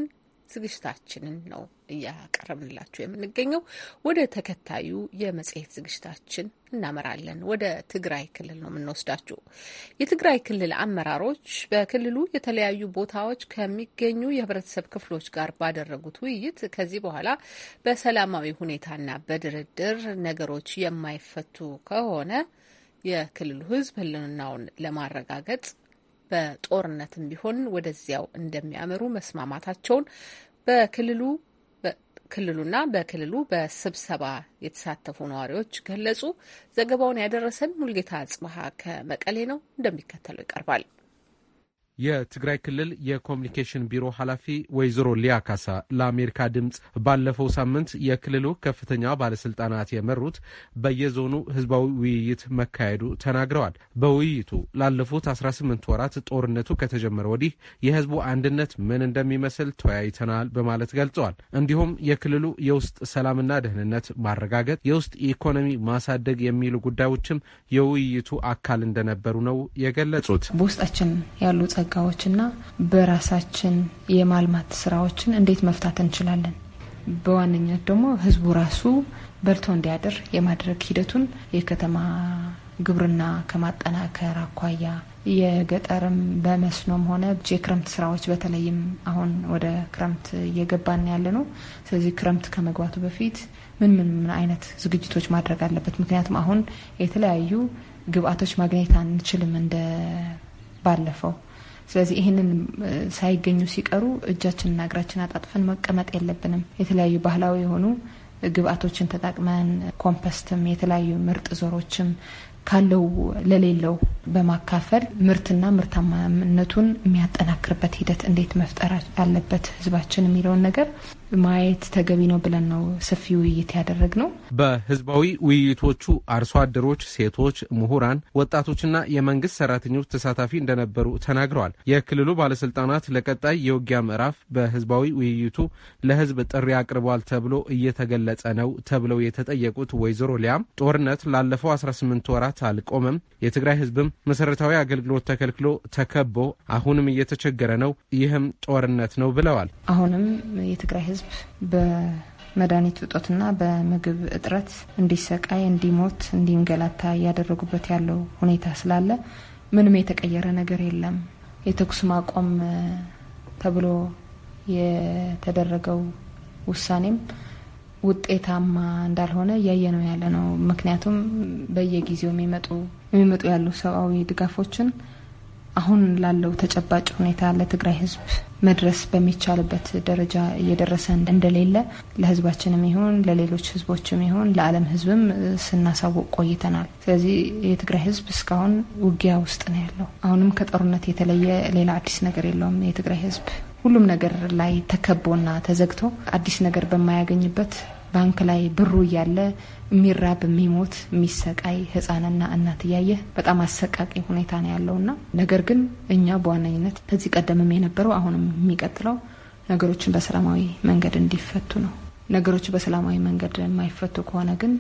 ዝግጅታችንን ነው እያቀረብንላችሁ የምንገኘው። ወደ ተከታዩ የመጽሔት ዝግጅታችን እናመራለን። ወደ ትግራይ ክልል ነው የምንወስዳችሁ። የትግራይ ክልል አመራሮች በክልሉ የተለያዩ ቦታዎች ከሚገኙ የህብረተሰብ ክፍሎች ጋር ባደረጉት ውይይት ከዚህ በኋላ በሰላማዊ ሁኔታና በድርድር ነገሮች የማይፈቱ ከሆነ የክልሉ ህዝብ ህልውናውን ለማረጋገጥ በጦርነትም ቢሆን ወደዚያው እንደሚያመሩ መስማማታቸውን በክልሉ ክልሉና በክልሉ በስብሰባ የተሳተፉ ነዋሪዎች ገለጹ። ዘገባውን ያደረሰን ሙልጌታ አጽበሀ ከመቀሌ ነው፣ እንደሚከተለው ይቀርባል። የትግራይ ክልል የኮሚኒኬሽን ቢሮ ኃላፊ ወይዘሮ ሊያ ካሳ ለአሜሪካ ድምፅ ባለፈው ሳምንት የክልሉ ከፍተኛ ባለስልጣናት የመሩት በየዞኑ ህዝባዊ ውይይት መካሄዱ ተናግረዋል። በውይይቱ ላለፉት 18 ወራት ጦርነቱ ከተጀመረ ወዲህ የህዝቡ አንድነት ምን እንደሚመስል ተወያይተናል በማለት ገልጸዋል። እንዲሁም የክልሉ የውስጥ ሰላምና ደህንነት ማረጋገጥ፣ የውስጥ ኢኮኖሚ ማሳደግ የሚሉ ጉዳዮችም የውይይቱ አካል እንደነበሩ ነው የገለጹት። በውስጣችን ያሉ ጸጋ ጸጋዎችና በራሳችን የማልማት ስራዎችን እንዴት መፍታት እንችላለን። በዋነኛት ደግሞ ህዝቡ ራሱ በልቶ እንዲያድር የማድረግ ሂደቱን የከተማ ግብርና ከማጠናከር አኳያ የገጠርም በመስኖም ሆነ የክረምት ስራዎች በተለይም አሁን ወደ ክረምት እየገባን ያለ ነው። ስለዚህ ክረምት ከመግባቱ በፊት ምን ምን ምን አይነት ዝግጅቶች ማድረግ አለበት? ምክንያቱም አሁን የተለያዩ ግብአቶች ማግኘት አንችልም እንደ ባለፈው ስለዚህ ይህንን ሳይገኙ ሲቀሩ እጃችንና እግራችን አጣጥፈን መቀመጥ የለብንም። የተለያዩ ባህላዊ የሆኑ ግብአቶችን ተጠቅመን ኮምፐስትም የተለያዩ ምርጥ ዞሮችም ካለው ለሌለው በማካፈል ምርትና ምርታማነቱን የሚያጠናክርበት ሂደት እንዴት መፍጠር አለበት ህዝባችን የሚለውን ነገር ማየት ተገቢ ነው ብለን ነው ሰፊ ውይይት ያደረግ ነው። በህዝባዊ ውይይቶቹ አርሶ አደሮች፣ ሴቶች፣ ምሁራን፣ ወጣቶችና የመንግስት ሰራተኞች ተሳታፊ እንደነበሩ ተናግረዋል። የክልሉ ባለስልጣናት ለቀጣይ የውጊያ ምዕራፍ በህዝባዊ ውይይቱ ለህዝብ ጥሪ አቅርቧል ተብሎ እየተገለጸ ነው ተብለው የተጠየቁት ወይዘሮ ሊያም ጦርነት ላለፈው 18 ወራት ስርዓት አልቆመም። የትግራይ ህዝብም መሰረታዊ አገልግሎት ተከልክሎ ተከቦ አሁንም እየተቸገረ ነው። ይህም ጦርነት ነው ብለዋል። አሁንም የትግራይ ህዝብ በመድኃኒት እጦትና በምግብ እጥረት እንዲሰቃይ፣ እንዲሞት፣ እንዲንገላታ እያደረጉበት ያለው ሁኔታ ስላለ ምንም የተቀየረ ነገር የለም። የተኩስ ማቆም ተብሎ የተደረገው ውሳኔም ውጤታማ እንዳልሆነ እያየ ነው ያለ ነው። ምክንያቱም በየጊዜው የሚመጡ የሚመጡ ያሉ ሰብአዊ ድጋፎችን አሁን ላለው ተጨባጭ ሁኔታ ለትግራይ ሕዝብ መድረስ በሚቻልበት ደረጃ እየደረሰ እንደሌለ ለሕዝባችንም ይሁን ለሌሎች ሕዝቦችም ይሁን ለዓለም ሕዝብም ስናሳውቅ ቆይተናል። ስለዚህ የትግራይ ሕዝብ እስካሁን ውጊያ ውስጥ ነው ያለው። አሁንም ከጦርነት የተለየ ሌላ አዲስ ነገር የለውም። የትግራይ ሕዝብ ሁሉም ነገር ላይ ተከቦና ተዘግቶ አዲስ ነገር በማያገኝበት ባንክ ላይ ብሩ እያለ የሚራብ የሚሞት የሚሰቃይ ህጻንና እናት እያየ በጣም አሰቃቂ ሁኔታ ነው ያለውና ነገር ግን እኛ በዋነኝነት ከዚህ ቀደምም የነበረው አሁንም የሚቀጥለው ነገሮችን በሰላማዊ መንገድ እንዲፈቱ ነው። ነገሮች በሰላማዊ መንገድ የማይፈቱ ከሆነ ግን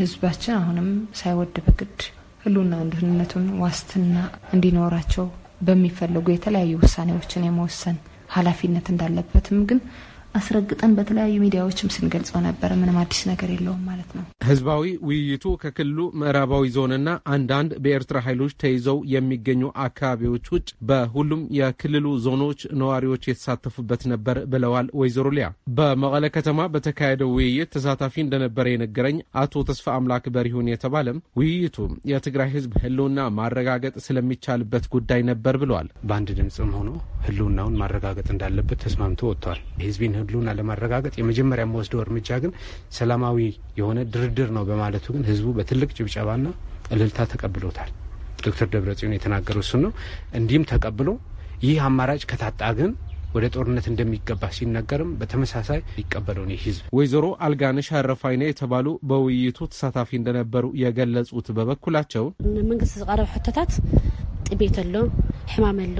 ህዝባችን አሁንም ሳይወድ በግድ ህሉና ደህንነቱን ዋስትና እንዲኖራቸው በሚፈልጉ የተለያዩ ውሳኔዎችን የመወሰን ኃላፊነት እንዳለበትም ግን አስረግጠን በተለያዩ ሚዲያዎችም ስንገልጸው ነበር። ምንም አዲስ ነገር የለውም ማለት ነው። ህዝባዊ ውይይቱ ከክልሉ ምዕራባዊ ዞንና አንዳንድ በኤርትራ ኃይሎች ተይዘው የሚገኙ አካባቢዎች ውጭ በሁሉም የክልሉ ዞኖች ነዋሪዎች የተሳተፉበት ነበር ብለዋል ወይዘሮ ሊያ። በመቀለ ከተማ በተካሄደው ውይይት ተሳታፊ እንደነበረ የነገረኝ አቶ ተስፋ አምላክ በሪሁን የተባለም ውይይቱ የትግራይ ህዝብ ህልውና ማረጋገጥ ስለሚቻልበት ጉዳይ ነበር ብለዋል። በአንድ ድምፅም ሆኖ ህልውናውን ማረጋገጥ እንዳለበት ተስማምቶ ወጥቷል። ህዝቢን ህልውና ለማረጋገጥ የመጀመሪያ መወስደው እርምጃ ግን ሰላማዊ የሆነ ድርድር ነው በማለቱ ግን ህዝቡ በትልቅ ጭብጨባና እልልታ ተቀብሎታል። ዶክተር ደብረጽዮን የተናገሩ እሱን ነው። እንዲህም ተቀብሎ ይህ አማራጭ ከታጣ ግን ወደ ጦርነት እንደሚገባ ሲነገርም በተመሳሳይ ሊቀበለውን ህዝብ ወይዘሮ አልጋነሽ አረፋይነ የተባሉ በውይይቱ ተሳታፊ እንደነበሩ የገለጹት በበኩላቸው መንግስት ዝቀረብ ሕቶታት ጥቤት ኣሎ ሕማም ኣሎ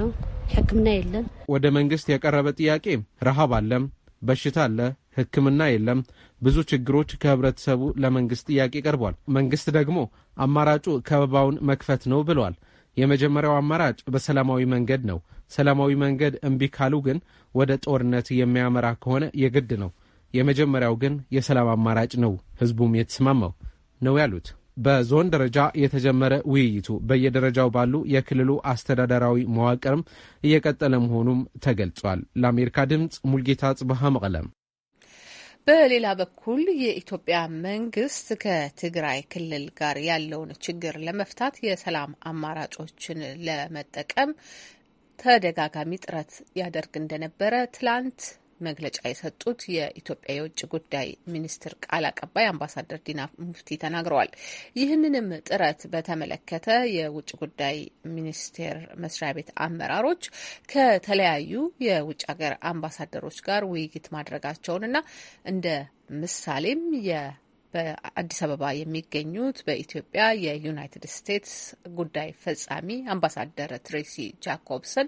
ሕክምና የለን ወደ መንግስት የቀረበ ጥያቄ ረሃብ አለም በሽታ አለ፣ ሕክምና የለም። ብዙ ችግሮች ከህብረተሰቡ ለመንግስት ጥያቄ ቀርቧል። መንግስት ደግሞ አማራጩ ከበባውን መክፈት ነው ብሏል። የመጀመሪያው አማራጭ በሰላማዊ መንገድ ነው። ሰላማዊ መንገድ እምቢ ካሉ ግን ወደ ጦርነት የሚያመራ ከሆነ የግድ ነው። የመጀመሪያው ግን የሰላም አማራጭ ነው፣ ህዝቡም የተስማማው ነው ያሉት በዞን ደረጃ የተጀመረ ውይይቱ በየደረጃው ባሉ የክልሉ አስተዳደራዊ መዋቅርም እየቀጠለ መሆኑም ተገልጿል። ለአሜሪካ ድምፅ ሙልጌታ ጽብሃ መቀለም። በሌላ በኩል የኢትዮጵያ መንግስት ከትግራይ ክልል ጋር ያለውን ችግር ለመፍታት የሰላም አማራጮችን ለመጠቀም ተደጋጋሚ ጥረት ያደርግ እንደነበረ ትላንት መግለጫ የሰጡት የኢትዮጵያ የውጭ ጉዳይ ሚኒስትር ቃል አቀባይ አምባሳደር ዲና ሙፍቲ ተናግረዋል። ይህንንም ጥረት በተመለከተ የውጭ ጉዳይ ሚኒስቴር መስሪያ ቤት አመራሮች ከተለያዩ የውጭ ሀገር አምባሳደሮች ጋር ውይይት ማድረጋቸውንና እንደ ምሳሌም በአዲስ አበባ የሚገኙት በኢትዮጵያ የዩናይትድ ስቴትስ ጉዳይ ፈጻሚ አምባሳደር ትሬሲ ጃኮብሰን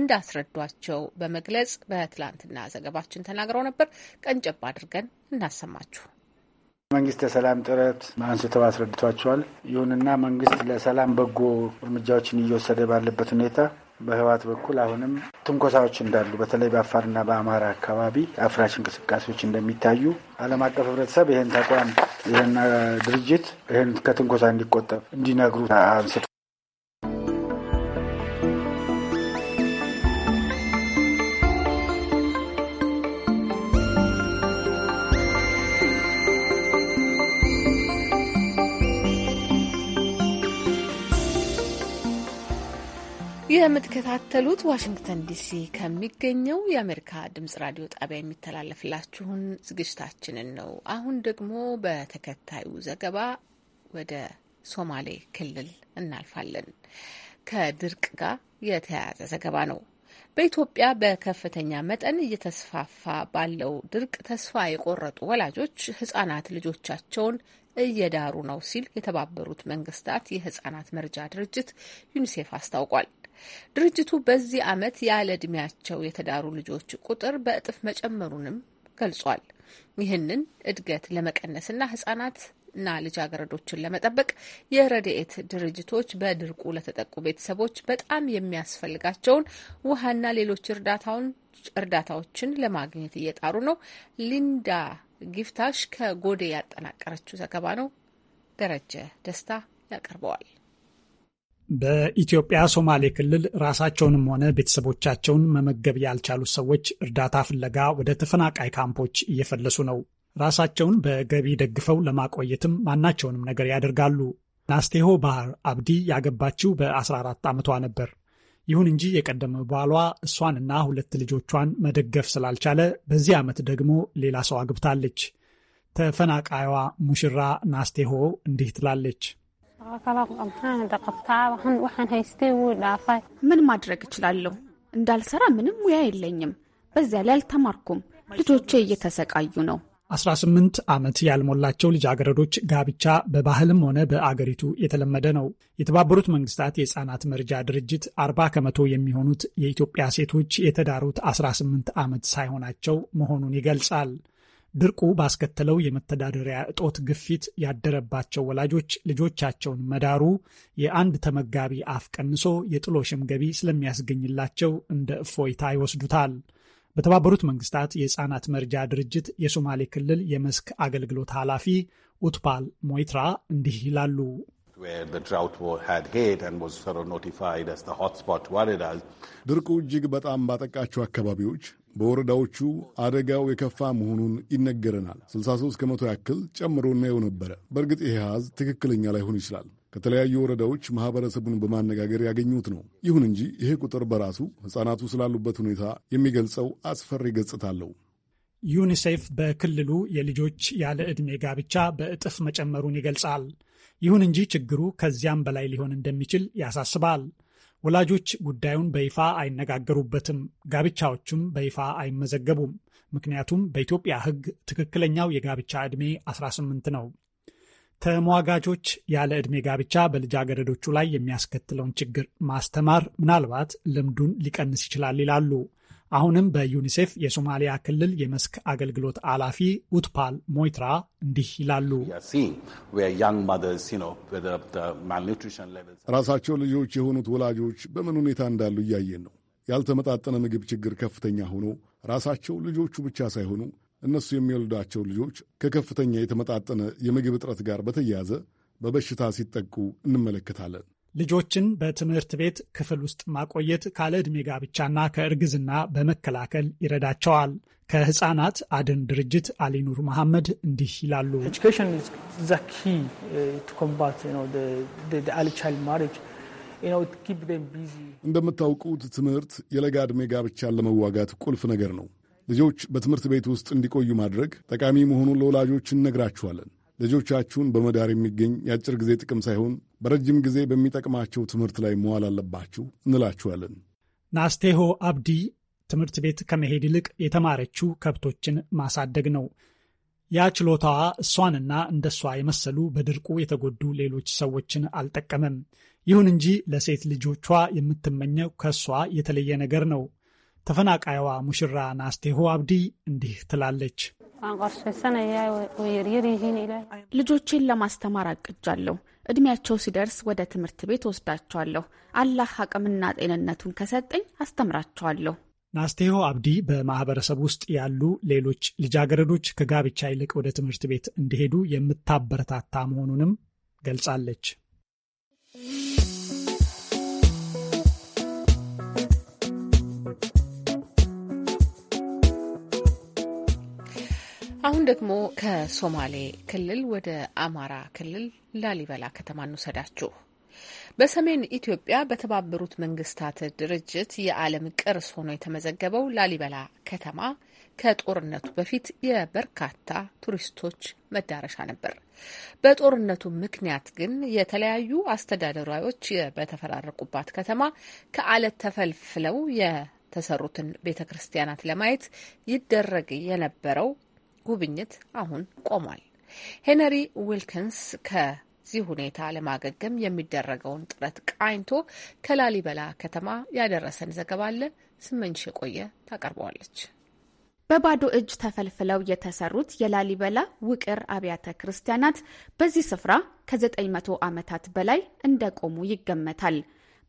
እንዳስረዷቸው በመግለጽ በትላንትና ዘገባችን ተናግረው ነበር። ቀንጨብ አድርገን እናሰማችሁ። መንግስት የሰላም ጥረት አንስተው አስረድቷቸዋል። ይሁንና መንግስት ለሰላም በጎ እርምጃዎችን እየወሰደ ባለበት ሁኔታ በህወሓት በኩል አሁንም ትንኮሳዎች እንዳሉ በተለይ በአፋርና በአማራ አካባቢ አፍራሽ እንቅስቃሴዎች እንደሚታዩ ዓለም አቀፍ ህብረተሰብ ይህን ተቋም ይህን ድርጅት ይህን ከትንኮሳ እንዲቆጠብ እንዲነግሩ አንስቶ የምትከታተሉት ዋሽንግተን ዲሲ ከሚገኘው የአሜሪካ ድምጽ ራዲዮ ጣቢያ የሚተላለፍላችሁን ዝግጅታችንን ነው። አሁን ደግሞ በተከታዩ ዘገባ ወደ ሶማሌ ክልል እናልፋለን። ከድርቅ ጋር የተያያዘ ዘገባ ነው። በኢትዮጵያ በከፍተኛ መጠን እየተስፋፋ ባለው ድርቅ ተስፋ የቆረጡ ወላጆች ህጻናት ልጆቻቸውን እየዳሩ ነው ሲል የተባበሩት መንግስታት የህጻናት መርጃ ድርጅት ዩኒሴፍ አስታውቋል። ድርጅቱ በዚህ ዓመት ያለ ዕድሜያቸው የተዳሩ ልጆች ቁጥር በእጥፍ መጨመሩንም ገልጿል። ይህንን እድገት ለመቀነስና ህጻናት እና ልጃገረዶችን ለመጠበቅ የረድኤት ድርጅቶች በድርቁ ለተጠቁ ቤተሰቦች በጣም የሚያስፈልጋቸውን ውሃና ሌሎች እርዳታዎችን ለማግኘት እየጣሩ ነው። ሊንዳ ጊፍታሽ ከጎዴ ያጠናቀረችው ዘገባ ነው። ደረጀ ደስታ ያቀርበዋል። በኢትዮጵያ ሶማሌ ክልል ራሳቸውንም ሆነ ቤተሰቦቻቸውን መመገብ ያልቻሉት ሰዎች እርዳታ ፍለጋ ወደ ተፈናቃይ ካምፖች እየፈለሱ ነው። ራሳቸውን በገቢ ደግፈው ለማቆየትም ማናቸውንም ነገር ያደርጋሉ። ናስቴሆ ባህር አብዲ ያገባችው በ14 ዓመቷ ነበር። ይሁን እንጂ የቀደመ ባሏ እሷንና ሁለት ልጆቿን መደገፍ ስላልቻለ በዚህ ዓመት ደግሞ ሌላ ሰው አግብታለች። ተፈናቃይዋ ሙሽራ ናስቴሆ እንዲህ ትላለች። ምን ማድረግ እችላለሁ? እንዳልሰራ ምንም ሙያ የለኝም። በዚያ ላይ አልተማርኩም። ልጆቼ እየተሰቃዩ ነው። 18 ዓመት ያልሞላቸው ልጃገረዶች ጋብቻ በባህልም ሆነ በአገሪቱ የተለመደ ነው። የተባበሩት መንግስታት የህፃናት መርጃ ድርጅት 40 ከመቶ የሚሆኑት የኢትዮጵያ ሴቶች የተዳሩት 18 ዓመት ሳይሆናቸው መሆኑን ይገልጻል። ድርቁ ባስከተለው የመተዳደሪያ እጦት ግፊት ያደረባቸው ወላጆች ልጆቻቸውን መዳሩ የአንድ ተመጋቢ አፍ ቀንሶ የጥሎሽም ገቢ ስለሚያስገኝላቸው እንደ እፎይታ ይወስዱታል። በተባበሩት መንግስታት የህፃናት መርጃ ድርጅት የሶማሌ ክልል የመስክ አገልግሎት ኃላፊ ኡትፓል ሞይትራ እንዲህ ይላሉ። ድርቁ እጅግ በጣም ባጠቃቸው አካባቢዎች በወረዳዎቹ አደጋው የከፋ መሆኑን ይነገረናል። 63 ከመቶ ያክል ጨምሮ እናየው ነበረ። በእርግጥ ይህ አሃዝ ትክክለኛ ላይሆን ይችላል። ከተለያዩ ወረዳዎች ማህበረሰቡን በማነጋገር ያገኙት ነው። ይሁን እንጂ ይሄ ቁጥር በራሱ ሕፃናቱ ስላሉበት ሁኔታ የሚገልጸው አስፈሪ ገጽታ አለው። ዩኒሴፍ በክልሉ የልጆች ያለ ዕድሜ ጋብቻ በእጥፍ መጨመሩን ይገልጻል። ይሁን እንጂ ችግሩ ከዚያም በላይ ሊሆን እንደሚችል ያሳስባል። ወላጆች ጉዳዩን በይፋ አይነጋገሩበትም፣ ጋብቻዎቹም በይፋ አይመዘገቡም። ምክንያቱም በኢትዮጵያ ሕግ ትክክለኛው የጋብቻ ዕድሜ 18 ነው። ተሟጋቾች ያለ ዕድሜ ጋብቻ በልጃገረዶቹ ላይ የሚያስከትለውን ችግር ማስተማር ምናልባት ልምዱን ሊቀንስ ይችላል ይላሉ። አሁንም በዩኒሴፍ የሶማሊያ ክልል የመስክ አገልግሎት ኃላፊ ኡትፓል ሞይትራ እንዲህ ይላሉ። ራሳቸው ልጆች የሆኑት ወላጆች በምን ሁኔታ እንዳሉ እያየን ነው። ያልተመጣጠነ ምግብ ችግር ከፍተኛ ሆኖ ራሳቸው ልጆቹ ብቻ ሳይሆኑ እነሱ የሚወልዷቸው ልጆች ከከፍተኛ የተመጣጠነ የምግብ እጥረት ጋር በተያያዘ በበሽታ ሲጠቁ እንመለከታለን። ልጆችን በትምህርት ቤት ክፍል ውስጥ ማቆየት ካለ ዕድሜ ጋብቻና ከእርግዝና በመከላከል ይረዳቸዋል። ከህፃናት አድን ድርጅት አሊኑር መሐመድ እንዲህ ይላሉ። እንደምታውቁት ትምህርት የለጋ ዕድሜ ጋብቻን ለመዋጋት ቁልፍ ነገር ነው። ልጆች በትምህርት ቤት ውስጥ እንዲቆዩ ማድረግ ጠቃሚ መሆኑን ለወላጆች እንነግራችኋለን። ልጆቻችሁን በመዳር የሚገኝ የአጭር ጊዜ ጥቅም ሳይሆን በረጅም ጊዜ በሚጠቅማቸው ትምህርት ላይ መዋል አለባችሁ እንላችኋለን። ናስቴሆ አብዲ ትምህርት ቤት ከመሄድ ይልቅ የተማረችው ከብቶችን ማሳደግ ነው። ያ ችሎታዋ እሷንና እንደሷ የመሰሉ በድርቁ የተጎዱ ሌሎች ሰዎችን አልጠቀመም። ይሁን እንጂ ለሴት ልጆቿ የምትመኘው ከእሷ የተለየ ነገር ነው። ተፈናቃይዋ ሙሽራ ናስቴሆ አብዲ እንዲህ ትላለች። ልጆቼን ለማስተማር አቅጃለሁ። እድሜያቸው ሲደርስ ወደ ትምህርት ቤት ወስዳቸዋለሁ። አላህ አቅምና ጤንነቱን ከሰጠኝ አስተምራቸዋለሁ። ናስቴሆ አብዲ በማህበረሰብ ውስጥ ያሉ ሌሎች ልጃገረዶች ከጋብቻ ይልቅ ወደ ትምህርት ቤት እንዲሄዱ የምታበረታታ መሆኑንም ገልጻለች። አሁን ደግሞ ከሶማሌ ክልል ወደ አማራ ክልል ላሊበላ ከተማ እንውሰዳችሁ። በሰሜን ኢትዮጵያ በተባበሩት መንግስታት ድርጅት የዓለም ቅርስ ሆኖ የተመዘገበው ላሊበላ ከተማ ከጦርነቱ በፊት የበርካታ ቱሪስቶች መዳረሻ ነበር። በጦርነቱ ምክንያት ግን የተለያዩ አስተዳደራዎች በተፈራረቁባት ከተማ ከአለት ተፈልፍለው የተሰሩትን ቤተ ክርስቲያናት ለማየት ይደረግ የነበረው ጉብኝት አሁን ቆሟል። ሄነሪ ዊልኪንስ ከዚህ ሁኔታ ለማገገም የሚደረገውን ጥረት ቃኝቶ ከላሊበላ ከተማ ያደረሰን ዘገባ አለ። ስመኝሽ የቆየ ታቀርበዋለች። በባዶ እጅ ተፈልፍለው የተሰሩት የላሊበላ ውቅር አብያተ ክርስቲያናት በዚህ ስፍራ ከ900 ዓመታት በላይ እንደቆሙ ይገመታል።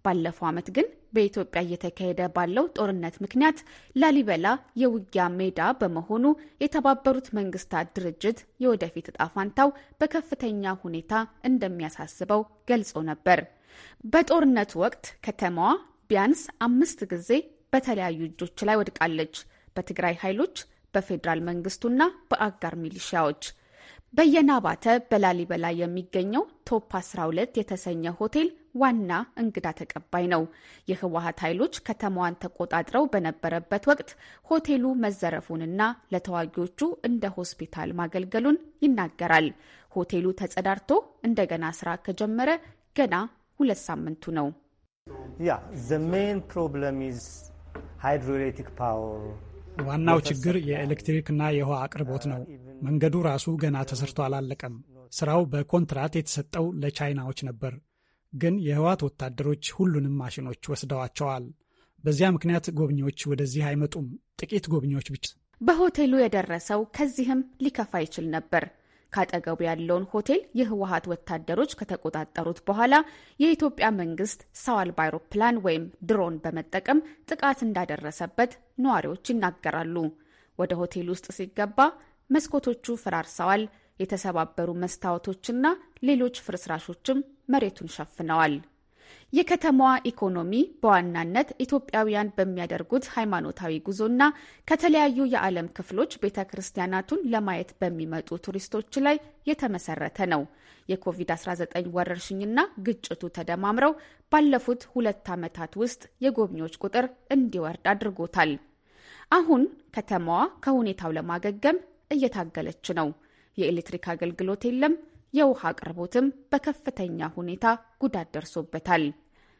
ባለፈው ዓመት ግን በኢትዮጵያ እየተካሄደ ባለው ጦርነት ምክንያት ላሊበላ የውጊያ ሜዳ በመሆኑ የተባበሩት መንግስታት ድርጅት የወደፊት እጣ ፋንታው በከፍተኛ ሁኔታ እንደሚያሳስበው ገልጾ ነበር። በጦርነቱ ወቅት ከተማዋ ቢያንስ አምስት ጊዜ በተለያዩ እጆች ላይ ወድቃለች። በትግራይ ኃይሎች፣ በፌዴራል መንግስቱና በአጋር ሚሊሺያዎች። በየናባተ በላሊበላ የሚገኘው ቶፕ 12 የተሰኘ ሆቴል ዋና እንግዳ ተቀባይ ነው። የህወሀት ኃይሎች ከተማዋን ተቆጣጥረው በነበረበት ወቅት ሆቴሉ መዘረፉንና ለተዋጊዎቹ እንደ ሆስፒታል ማገልገሉን ይናገራል። ሆቴሉ ተጸዳርቶ እንደገና ስራ ከጀመረ ገና ሁለት ሳምንቱ ነው። ያ ዘ ሜን ፕሮብለም ኢዝ ሃይድሮኤሌክትሪክ ፓወር ዋናው ችግር የኤሌክትሪክና የውሃ አቅርቦት ነው። መንገዱ ራሱ ገና ተሰርቶ አላለቀም። ስራው በኮንትራት የተሰጠው ለቻይናዎች ነበር። ግን የህወሓት ወታደሮች ሁሉንም ማሽኖች ወስደዋቸዋል። በዚያ ምክንያት ጎብኚዎች ወደዚህ አይመጡም፣ ጥቂት ጎብኚዎች ብቻ። በሆቴሉ የደረሰው ከዚህም ሊከፋ ይችል ነበር። ካጠገቡ ያለውን ሆቴል የህወሀት ወታደሮች ከተቆጣጠሩት በኋላ የኢትዮጵያ መንግስት ሰው አልባ አይሮፕላን ወይም ድሮን በመጠቀም ጥቃት እንዳደረሰበት ነዋሪዎች ይናገራሉ። ወደ ሆቴል ውስጥ ሲገባ መስኮቶቹ ፈራርሰዋል፣ የተሰባበሩ መስታወቶችና ሌሎች ፍርስራሾችም መሬቱን ሸፍነዋል። የከተማዋ ኢኮኖሚ በዋናነት ኢትዮጵያውያን በሚያደርጉት ሃይማኖታዊ ጉዞና ከተለያዩ የዓለም ክፍሎች ቤተ ክርስቲያናቱን ለማየት በሚመጡ ቱሪስቶች ላይ የተመሰረተ ነው። የኮቪድ-19 ወረርሽኝና ግጭቱ ተደማምረው ባለፉት ሁለት ዓመታት ውስጥ የጎብኚዎች ቁጥር እንዲወርድ አድርጎታል። አሁን ከተማዋ ከሁኔታው ለማገገም እየታገለች ነው። የኤሌክትሪክ አገልግሎት የለም። የውሃ አቅርቦትም በከፍተኛ ሁኔታ ጉዳት ደርሶበታል።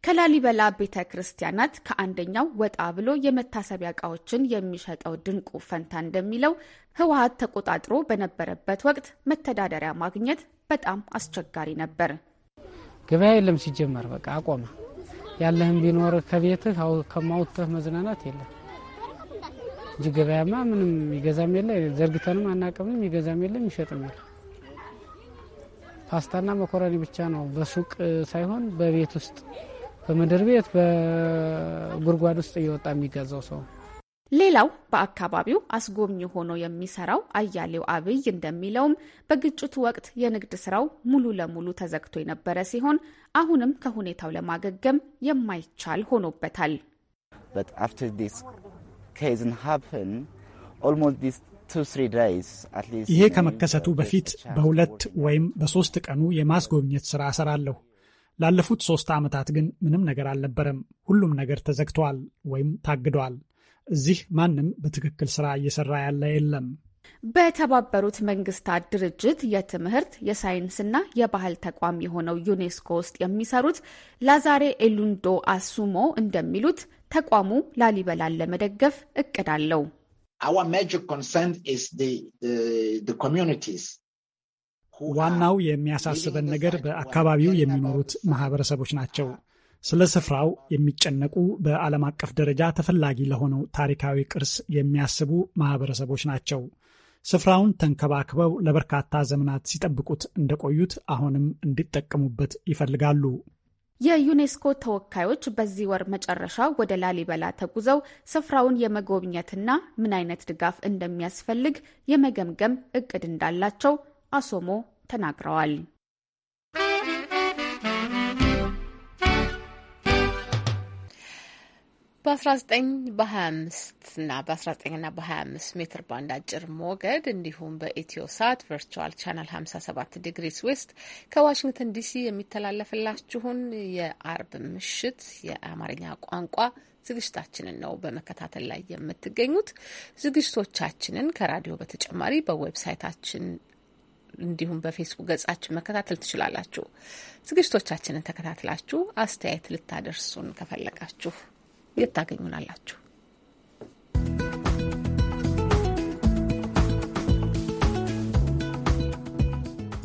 ከላሊበላ ቤተ ክርስቲያናት ከአንደኛው ወጣ ብሎ የመታሰቢያ እቃዎችን የሚሸጠው ድንቁ ፈንታ እንደሚለው ህወሀት ተቆጣጥሮ በነበረበት ወቅት መተዳደሪያ ማግኘት በጣም አስቸጋሪ ነበር። ገበያ የለም ሲጀመር፣ በቃ አቆመ። ያለህም ቢኖር ከቤትህ ከማውተህ መዝናናት የለም እንጂ ገበያማ ምንም ይገዛም የለ ዘርግተንም አናቅምም። ይገዛም የለ ይሸጥም የለ። ፓስታና መኮረኒ ብቻ ነው በሱቅ ሳይሆን በቤት ውስጥ በምድር ቤት በጉድጓድ ውስጥ እየወጣ የሚገዛው ሰው። ሌላው በአካባቢው አስጎብኝ ሆኖ የሚሰራው አያሌው አብይ እንደሚለውም በግጭቱ ወቅት የንግድ ስራው ሙሉ ለሙሉ ተዘግቶ የነበረ ሲሆን አሁንም ከሁኔታው ለማገገም የማይቻል ሆኖበታል። ይሄ ከመከሰቱ በፊት በሁለት ወይም በሶስት ቀኑ የማስጎብኘት ሥራ እሰራለሁ። ላለፉት ሶስት ዓመታት ግን ምንም ነገር አልነበረም። ሁሉም ነገር ተዘግተዋል ወይም ታግደዋል። እዚህ ማንም በትክክል ሥራ እየሠራ ያለ የለም። በተባበሩት መንግስታት ድርጅት የትምህርት የሳይንስና የባህል ተቋም የሆነው ዩኔስኮ ውስጥ የሚሰሩት ላዛሬ ኤሉንዶ አሱሞ እንደሚሉት ተቋሙ ላሊበላን ለመደገፍ እቅድ አለው። ዋናው የሚያሳስበን ነገር በአካባቢው የሚኖሩት ማህበረሰቦች ናቸው። ስለ ስፍራው የሚጨነቁ በዓለም አቀፍ ደረጃ ተፈላጊ ለሆነው ታሪካዊ ቅርስ የሚያስቡ ማህበረሰቦች ናቸው። ስፍራውን ተንከባክበው ለበርካታ ዘመናት ሲጠብቁት እንደቆዩት አሁንም እንዲጠቀሙበት ይፈልጋሉ። የዩኔስኮ ተወካዮች በዚህ ወር መጨረሻ ወደ ላሊበላ ተጉዘው ስፍራውን የመጎብኘትና ምን አይነት ድጋፍ እንደሚያስፈልግ የመገምገም እቅድ እንዳላቸው አሶሞ ተናግረዋል። በ19 በ25 እና በ19 እና በ25 ሜትር ባንድ አጭር ሞገድ እንዲሁም በኢትዮ ሳት ቨርቹዋል ቻናል 57 ዲግሪስ ዌስት ከዋሽንግተን ዲሲ የሚተላለፍላችሁን የአርብ ምሽት የአማርኛ ቋንቋ ዝግጅታችንን ነው በመከታተል ላይ የምትገኙት። ዝግጅቶቻችንን ከራዲዮ በተጨማሪ በዌብሳይታችን እንዲሁም በፌስቡክ ገጻችን መከታተል ትችላላችሁ። ዝግጅቶቻችንን ተከታትላችሁ አስተያየት ልታደርሱን ከፈለጋችሁ y está en un alacho.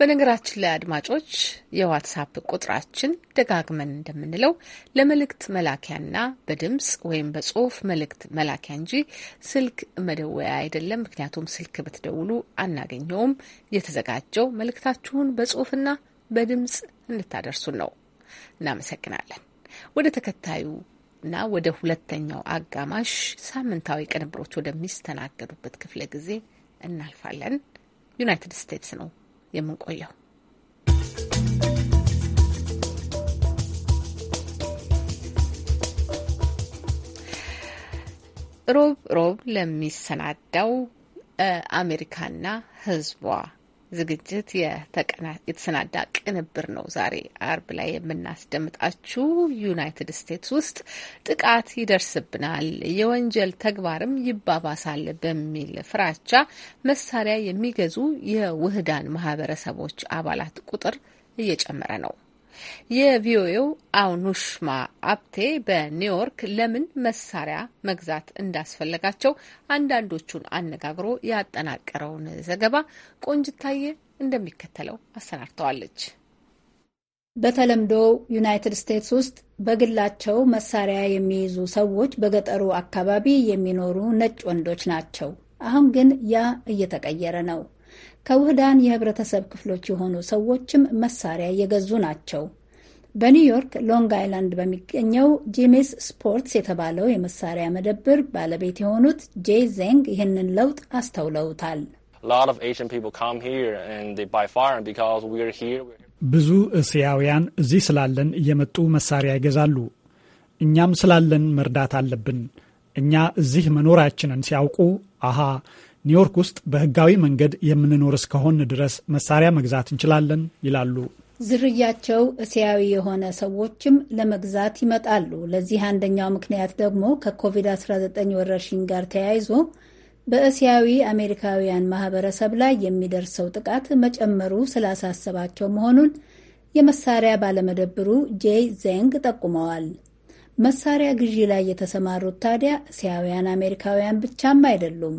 በነገራችን ላይ አድማጮች የዋትሳፕ ቁጥራችን ደጋግመን እንደምንለው ለመልእክት መላኪያና በድምጽ ወይም በጽሁፍ መልእክት መላኪያ እንጂ ስልክ መደወያ አይደለም። ምክንያቱም ስልክ ብትደውሉ አናገኘውም። የተዘጋጀው መልእክታችሁን በጽሁፍና በድምጽ እንድታደርሱን ነው። እናመሰግናለን። ወደ ተከታዩ እና ወደ ሁለተኛው አጋማሽ ሳምንታዊ ቅንብሮች ወደሚስተናገዱበት ክፍለ ጊዜ እናልፋለን። ዩናይትድ ስቴትስ ነው የምንቆየው። ሮብ ሮብ ለሚሰናዳው አሜሪካና ሕዝቧ ዝግጅት የተሰናዳ ቅንብር ነው። ዛሬ አርብ ላይ የምናስደምጣችሁ ዩናይትድ ስቴትስ ውስጥ ጥቃት ይደርስብናል፣ የወንጀል ተግባርም ይባባሳል በሚል ፍራቻ መሳሪያ የሚገዙ የውህዳን ማህበረሰቦች አባላት ቁጥር እየጨመረ ነው። የቪኦኤው አውኑሽማ አብቴ በኒውዮርክ ለምን መሳሪያ መግዛት እንዳስፈለጋቸው አንዳንዶቹን አነጋግሮ ያጠናቀረውን ዘገባ ቆንጅታዬ እንደሚከተለው አሰናድተዋለች። በተለምዶ ዩናይትድ ስቴትስ ውስጥ በግላቸው መሳሪያ የሚይዙ ሰዎች በገጠሩ አካባቢ የሚኖሩ ነጭ ወንዶች ናቸው። አሁን ግን ያ እየተቀየረ ነው። ከውህዳን የህብረተሰብ ክፍሎች የሆኑ ሰዎችም መሳሪያ እየገዙ ናቸው። በኒውዮርክ ሎንግ አይላንድ በሚገኘው ጂሚስ ስፖርትስ የተባለው የመሳሪያ መደብር ባለቤት የሆኑት ጄ ዜንግ ይህንን ለውጥ አስተውለውታል። ብዙ እስያውያን እዚህ ስላለን እየመጡ መሳሪያ ይገዛሉ። እኛም ስላለን መርዳት አለብን። እኛ እዚህ መኖራችንን ሲያውቁ አሃ ኒውዮርክ ውስጥ በህጋዊ መንገድ የምንኖር እስከሆን ድረስ መሳሪያ መግዛት እንችላለን ይላሉ። ዝርያቸው እስያዊ የሆነ ሰዎችም ለመግዛት ይመጣሉ። ለዚህ አንደኛው ምክንያት ደግሞ ከኮቪድ-19 ወረርሽኝ ጋር ተያይዞ በእስያዊ አሜሪካውያን ማህበረሰብ ላይ የሚደርሰው ጥቃት መጨመሩ ስላሳሰባቸው መሆኑን የመሳሪያ ባለመደብሩ ጄይ ዜንግ ጠቁመዋል። መሳሪያ ግዢ ላይ የተሰማሩት ታዲያ እስያውያን አሜሪካውያን ብቻም አይደሉም።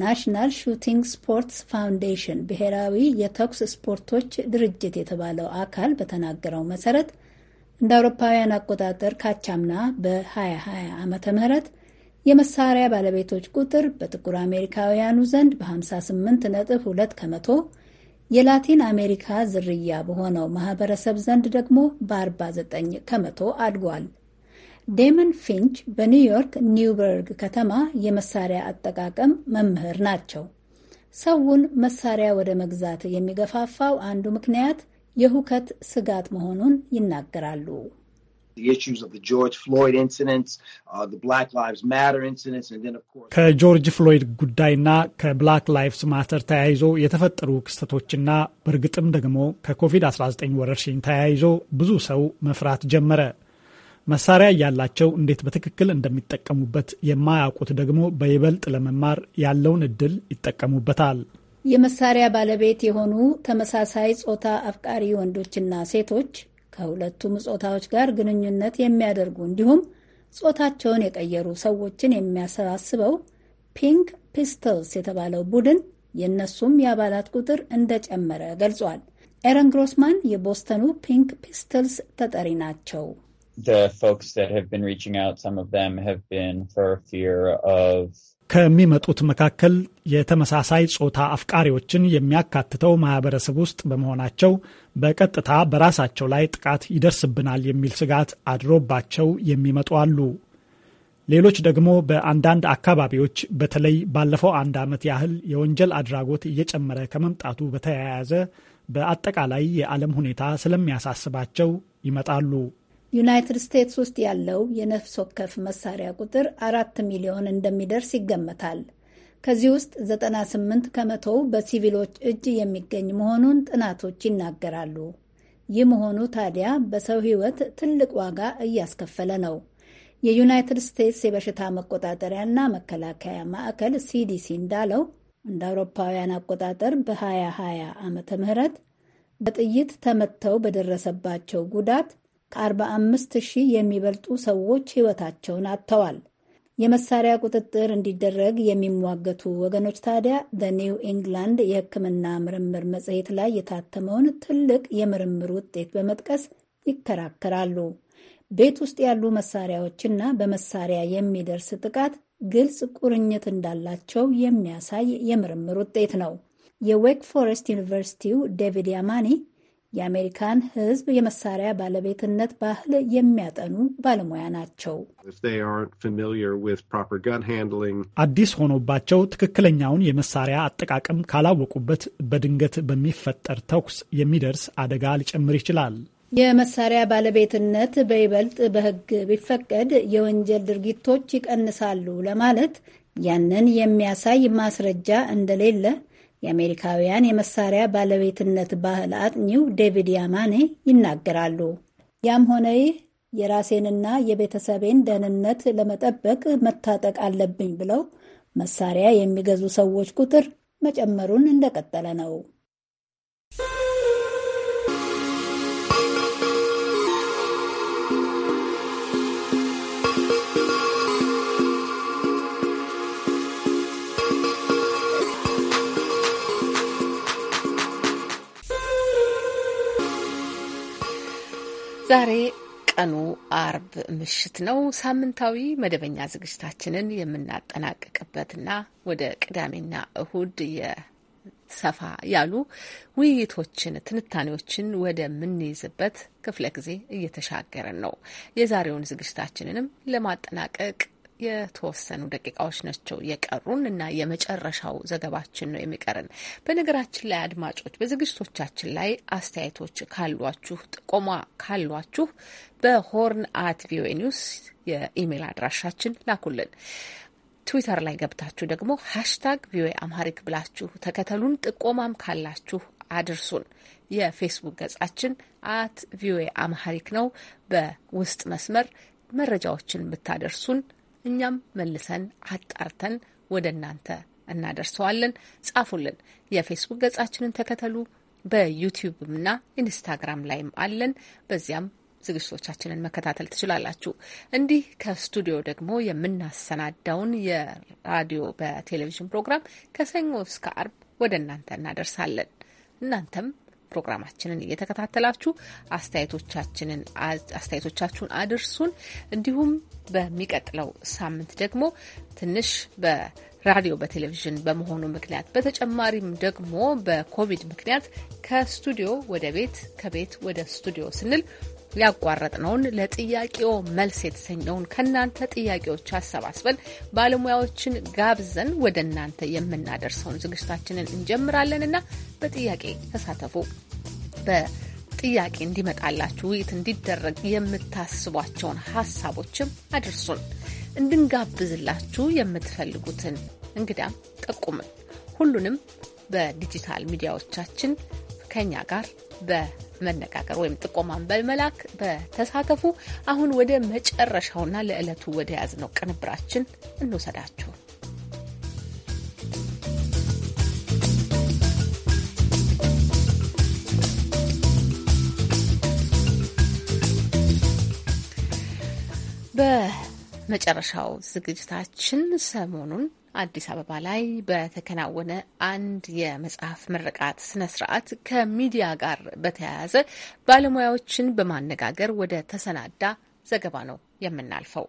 ናሽናል ሹቲንግ ስፖርትስ ፋውንዴሽን ብሔራዊ የተኩስ ስፖርቶች ድርጅት የተባለው አካል በተናገረው መሰረት እንደ አውሮፓውያን አቆጣጠር ካቻምና በ2020 ዓመተ ምህረት የመሳሪያ ባለቤቶች ቁጥር በጥቁር አሜሪካውያኑ ዘንድ በ58 ነጥብ 2 ከመቶ የላቲን አሜሪካ ዝርያ በሆነው ማህበረሰብ ዘንድ ደግሞ በ49 ከመቶ አድጓል። ዴመን ፊንች በኒውዮርክ ኒውበርግ ከተማ የመሳሪያ አጠቃቀም መምህር ናቸው። ሰውን መሳሪያ ወደ መግዛት የሚገፋፋው አንዱ ምክንያት የሁከት ስጋት መሆኑን ይናገራሉ። uh, ከጆርጅ ፍሎይድ ጉዳይና ከብላክ ላይቭስ ማተር ተያይዞ የተፈጠሩ ክስተቶችና በእርግጥም ደግሞ ከኮቪድ-19 ወረርሽኝ ተያይዞ ብዙ ሰው መፍራት ጀመረ። መሳሪያ እያላቸው እንዴት በትክክል እንደሚጠቀሙበት የማያውቁት ደግሞ በይበልጥ ለመማር ያለውን እድል ይጠቀሙበታል። የመሳሪያ ባለቤት የሆኑ ተመሳሳይ ጾታ አፍቃሪ ወንዶችና ሴቶች ከሁለቱም ጾታዎች ጋር ግንኙነት የሚያደርጉ እንዲሁም ጾታቸውን የቀየሩ ሰዎችን የሚያሰባስበው ፒንክ ፒስተልስ የተባለው ቡድን የእነሱም የአባላት ቁጥር እንደጨመረ ገልጿል። ኤረን ግሮስማን የቦስተኑ ፒንክ ፒስተልስ ተጠሪ ናቸው። the folks that have been reaching out, some of them have been for fear of ከሚመጡት መካከል የተመሳሳይ ጾታ አፍቃሪዎችን የሚያካትተው ማህበረሰብ ውስጥ በመሆናቸው በቀጥታ በራሳቸው ላይ ጥቃት ይደርስብናል የሚል ስጋት አድሮባቸው የሚመጡ አሉ። ሌሎች ደግሞ በአንዳንድ አካባቢዎች በተለይ ባለፈው አንድ ዓመት ያህል የወንጀል አድራጎት እየጨመረ ከመምጣቱ በተያያዘ በአጠቃላይ የዓለም ሁኔታ ስለሚያሳስባቸው ይመጣሉ። ዩናይትድ ስቴትስ ውስጥ ያለው የነፍስ ወከፍ መሳሪያ ቁጥር አራት ሚሊዮን እንደሚደርስ ይገመታል። ከዚህ ውስጥ 98 ከመቶው በሲቪሎች እጅ የሚገኝ መሆኑን ጥናቶች ይናገራሉ። ይህ መሆኑ ታዲያ በሰው ሕይወት ትልቅ ዋጋ እያስከፈለ ነው። የዩናይትድ ስቴትስ የበሽታ መቆጣጠሪያና መከላከያ ማዕከል ሲዲሲ እንዳለው እንደ አውሮፓውያን አቆጣጠር በ2020 ዓመተ ምህረት በጥይት ተመትተው በደረሰባቸው ጉዳት ከ45 ሺህ የሚበልጡ ሰዎች ሕይወታቸውን አጥተዋል። የመሳሪያ ቁጥጥር እንዲደረግ የሚሟገቱ ወገኖች ታዲያ በኒው ኢንግላንድ የሕክምና ምርምር መጽሔት ላይ የታተመውን ትልቅ የምርምር ውጤት በመጥቀስ ይከራከራሉ። ቤት ውስጥ ያሉ መሳሪያዎችና በመሳሪያ የሚደርስ ጥቃት ግልጽ ቁርኝት እንዳላቸው የሚያሳይ የምርምር ውጤት ነው። የዌክ ፎረስት ዩኒቨርሲቲው ዴቪድ ያማኒ የአሜሪካን ሕዝብ የመሳሪያ ባለቤትነት ባህል የሚያጠኑ ባለሙያ ናቸው። አዲስ ሆኖባቸው ትክክለኛውን የመሳሪያ አጠቃቀም ካላወቁበት በድንገት በሚፈጠር ተኩስ የሚደርስ አደጋ ሊጨምር ይችላል። የመሳሪያ ባለቤትነት በይበልጥ በሕግ ቢፈቀድ የወንጀል ድርጊቶች ይቀንሳሉ ለማለት ያንን የሚያሳይ ማስረጃ እንደሌለ የአሜሪካውያን የመሳሪያ ባለቤትነት ባህል አጥኚው ዴቪድ ያማኔ ይናገራሉ። ያም ሆነ ይህ የራሴንና የቤተሰቤን ደህንነት ለመጠበቅ መታጠቅ አለብኝ ብለው መሳሪያ የሚገዙ ሰዎች ቁጥር መጨመሩን እንደቀጠለ ነው። ዛሬ ቀኑ አርብ ምሽት ነው። ሳምንታዊ መደበኛ ዝግጅታችንን የምናጠናቅቅበትና ወደ ቅዳሜና እሁድ ሰፋ ያሉ ውይይቶችን፣ ትንታኔዎችን ወደምንይዝበት ክፍለ ጊዜ እየተሻገረን ነው። የዛሬውን ዝግጅታችንንም ለማጠናቀቅ የተወሰኑ ደቂቃዎች ናቸው የቀሩን እና የመጨረሻው ዘገባችን ነው የሚቀርን። በነገራችን ላይ አድማጮች፣ በዝግጅቶቻችን ላይ አስተያየቶች ካሏችሁ፣ ጥቆማ ካሏችሁ በሆርን አት ቪኦኤ ኒውስ የኢሜይል አድራሻችን ላኩልን። ትዊተር ላይ ገብታችሁ ደግሞ ሃሽታግ ቪኦኤ አምሃሪክ ብላችሁ ተከተሉን። ጥቆማም ካላችሁ አድርሱን። የፌስቡክ ገጻችን አት ቪኦኤ አምሃሪክ ነው። በውስጥ መስመር መረጃዎችን ብታደርሱን እኛም መልሰን አጣርተን ወደ እናንተ እናደርሰዋለን። ጻፉልን። የፌስቡክ ገጻችንን ተከተሉ። በዩቲዩብና ኢንስታግራም ላይም አለን። በዚያም ዝግጅቶቻችንን መከታተል ትችላላችሁ። እንዲህ ከስቱዲዮ ደግሞ የምናሰናዳውን የራዲዮ በቴሌቪዥን ፕሮግራም ከሰኞ እስከ አርብ ወደ እናንተ እናደርሳለን። እናንተም ፕሮግራማችንን እየተከታተላችሁ አስተያየቶቻችንን አስተያየቶቻችሁን አድርሱን። እንዲሁም በሚቀጥለው ሳምንት ደግሞ ትንሽ ራዲዮ በቴሌቪዥን በመሆኑ ምክንያት በተጨማሪም ደግሞ በኮቪድ ምክንያት ከስቱዲዮ ወደ ቤት ከቤት ወደ ስቱዲዮ ስንል ያቋረጥነውን ለጥያቄው መልስ የተሰኘውን ከእናንተ ጥያቄዎች አሰባስበን ባለሙያዎችን ጋብዘን ወደ እናንተ የምናደርሰውን ዝግጅታችንን እንጀምራለን ና በጥያቄ ተሳተፉ። በጥያቄ እንዲመጣላችሁ ውይይት እንዲደረግ የምታስቧቸውን ሀሳቦችም አድርሱን። እንድንጋብዝላችሁ የምትፈልጉትን እንግዳም ጠቁምን። ሁሉንም በዲጂታል ሚዲያዎቻችን ከኛ ጋር በመነጋገር ወይም ጥቆማን በመላክ በተሳተፉ። አሁን ወደ መጨረሻውና ለዕለቱ ወደ ያዝነው ቅንብራችን እንውሰዳችሁ። በመጨረሻው ዝግጅታችን ሰሞኑን አዲስ አበባ ላይ በተከናወነ አንድ የመጽሐፍ ምርቃት ስነ ስርዓት ከሚዲያ ጋር በተያያዘ ባለሙያዎችን በማነጋገር ወደ ተሰናዳ ዘገባ ነው የምናልፈው።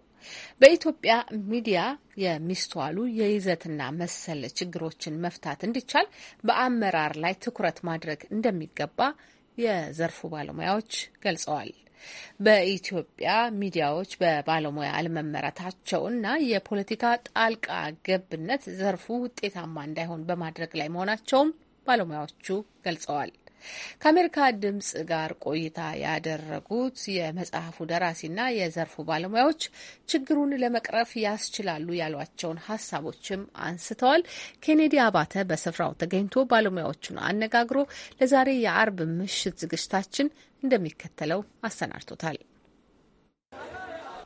በኢትዮጵያ ሚዲያ የሚስተዋሉ የይዘትና መሰል ችግሮችን መፍታት እንዲቻል በአመራር ላይ ትኩረት ማድረግ እንደሚገባ የዘርፉ ባለሙያዎች ገልጸዋል። በኢትዮጵያ ሚዲያዎች በባለሙያ አለመመራታቸውና የፖለቲካ ጣልቃ ገብነት ዘርፉ ውጤታማ እንዳይሆን በማድረግ ላይ መሆናቸውም ባለሙያዎቹ ገልጸዋል። ከአሜሪካ ድምጽ ጋር ቆይታ ያደረጉት የመጽሐፉ ደራሲና የዘርፉ ባለሙያዎች ችግሩን ለመቅረፍ ያስችላሉ ያሏቸውን ሀሳቦችም አንስተዋል። ኬኔዲ አባተ በስፍራው ተገኝቶ ባለሙያዎቹን አነጋግሮ ለዛሬ የአርብ ምሽት ዝግጅታችን እንደሚከተለው አሰናድቶታል።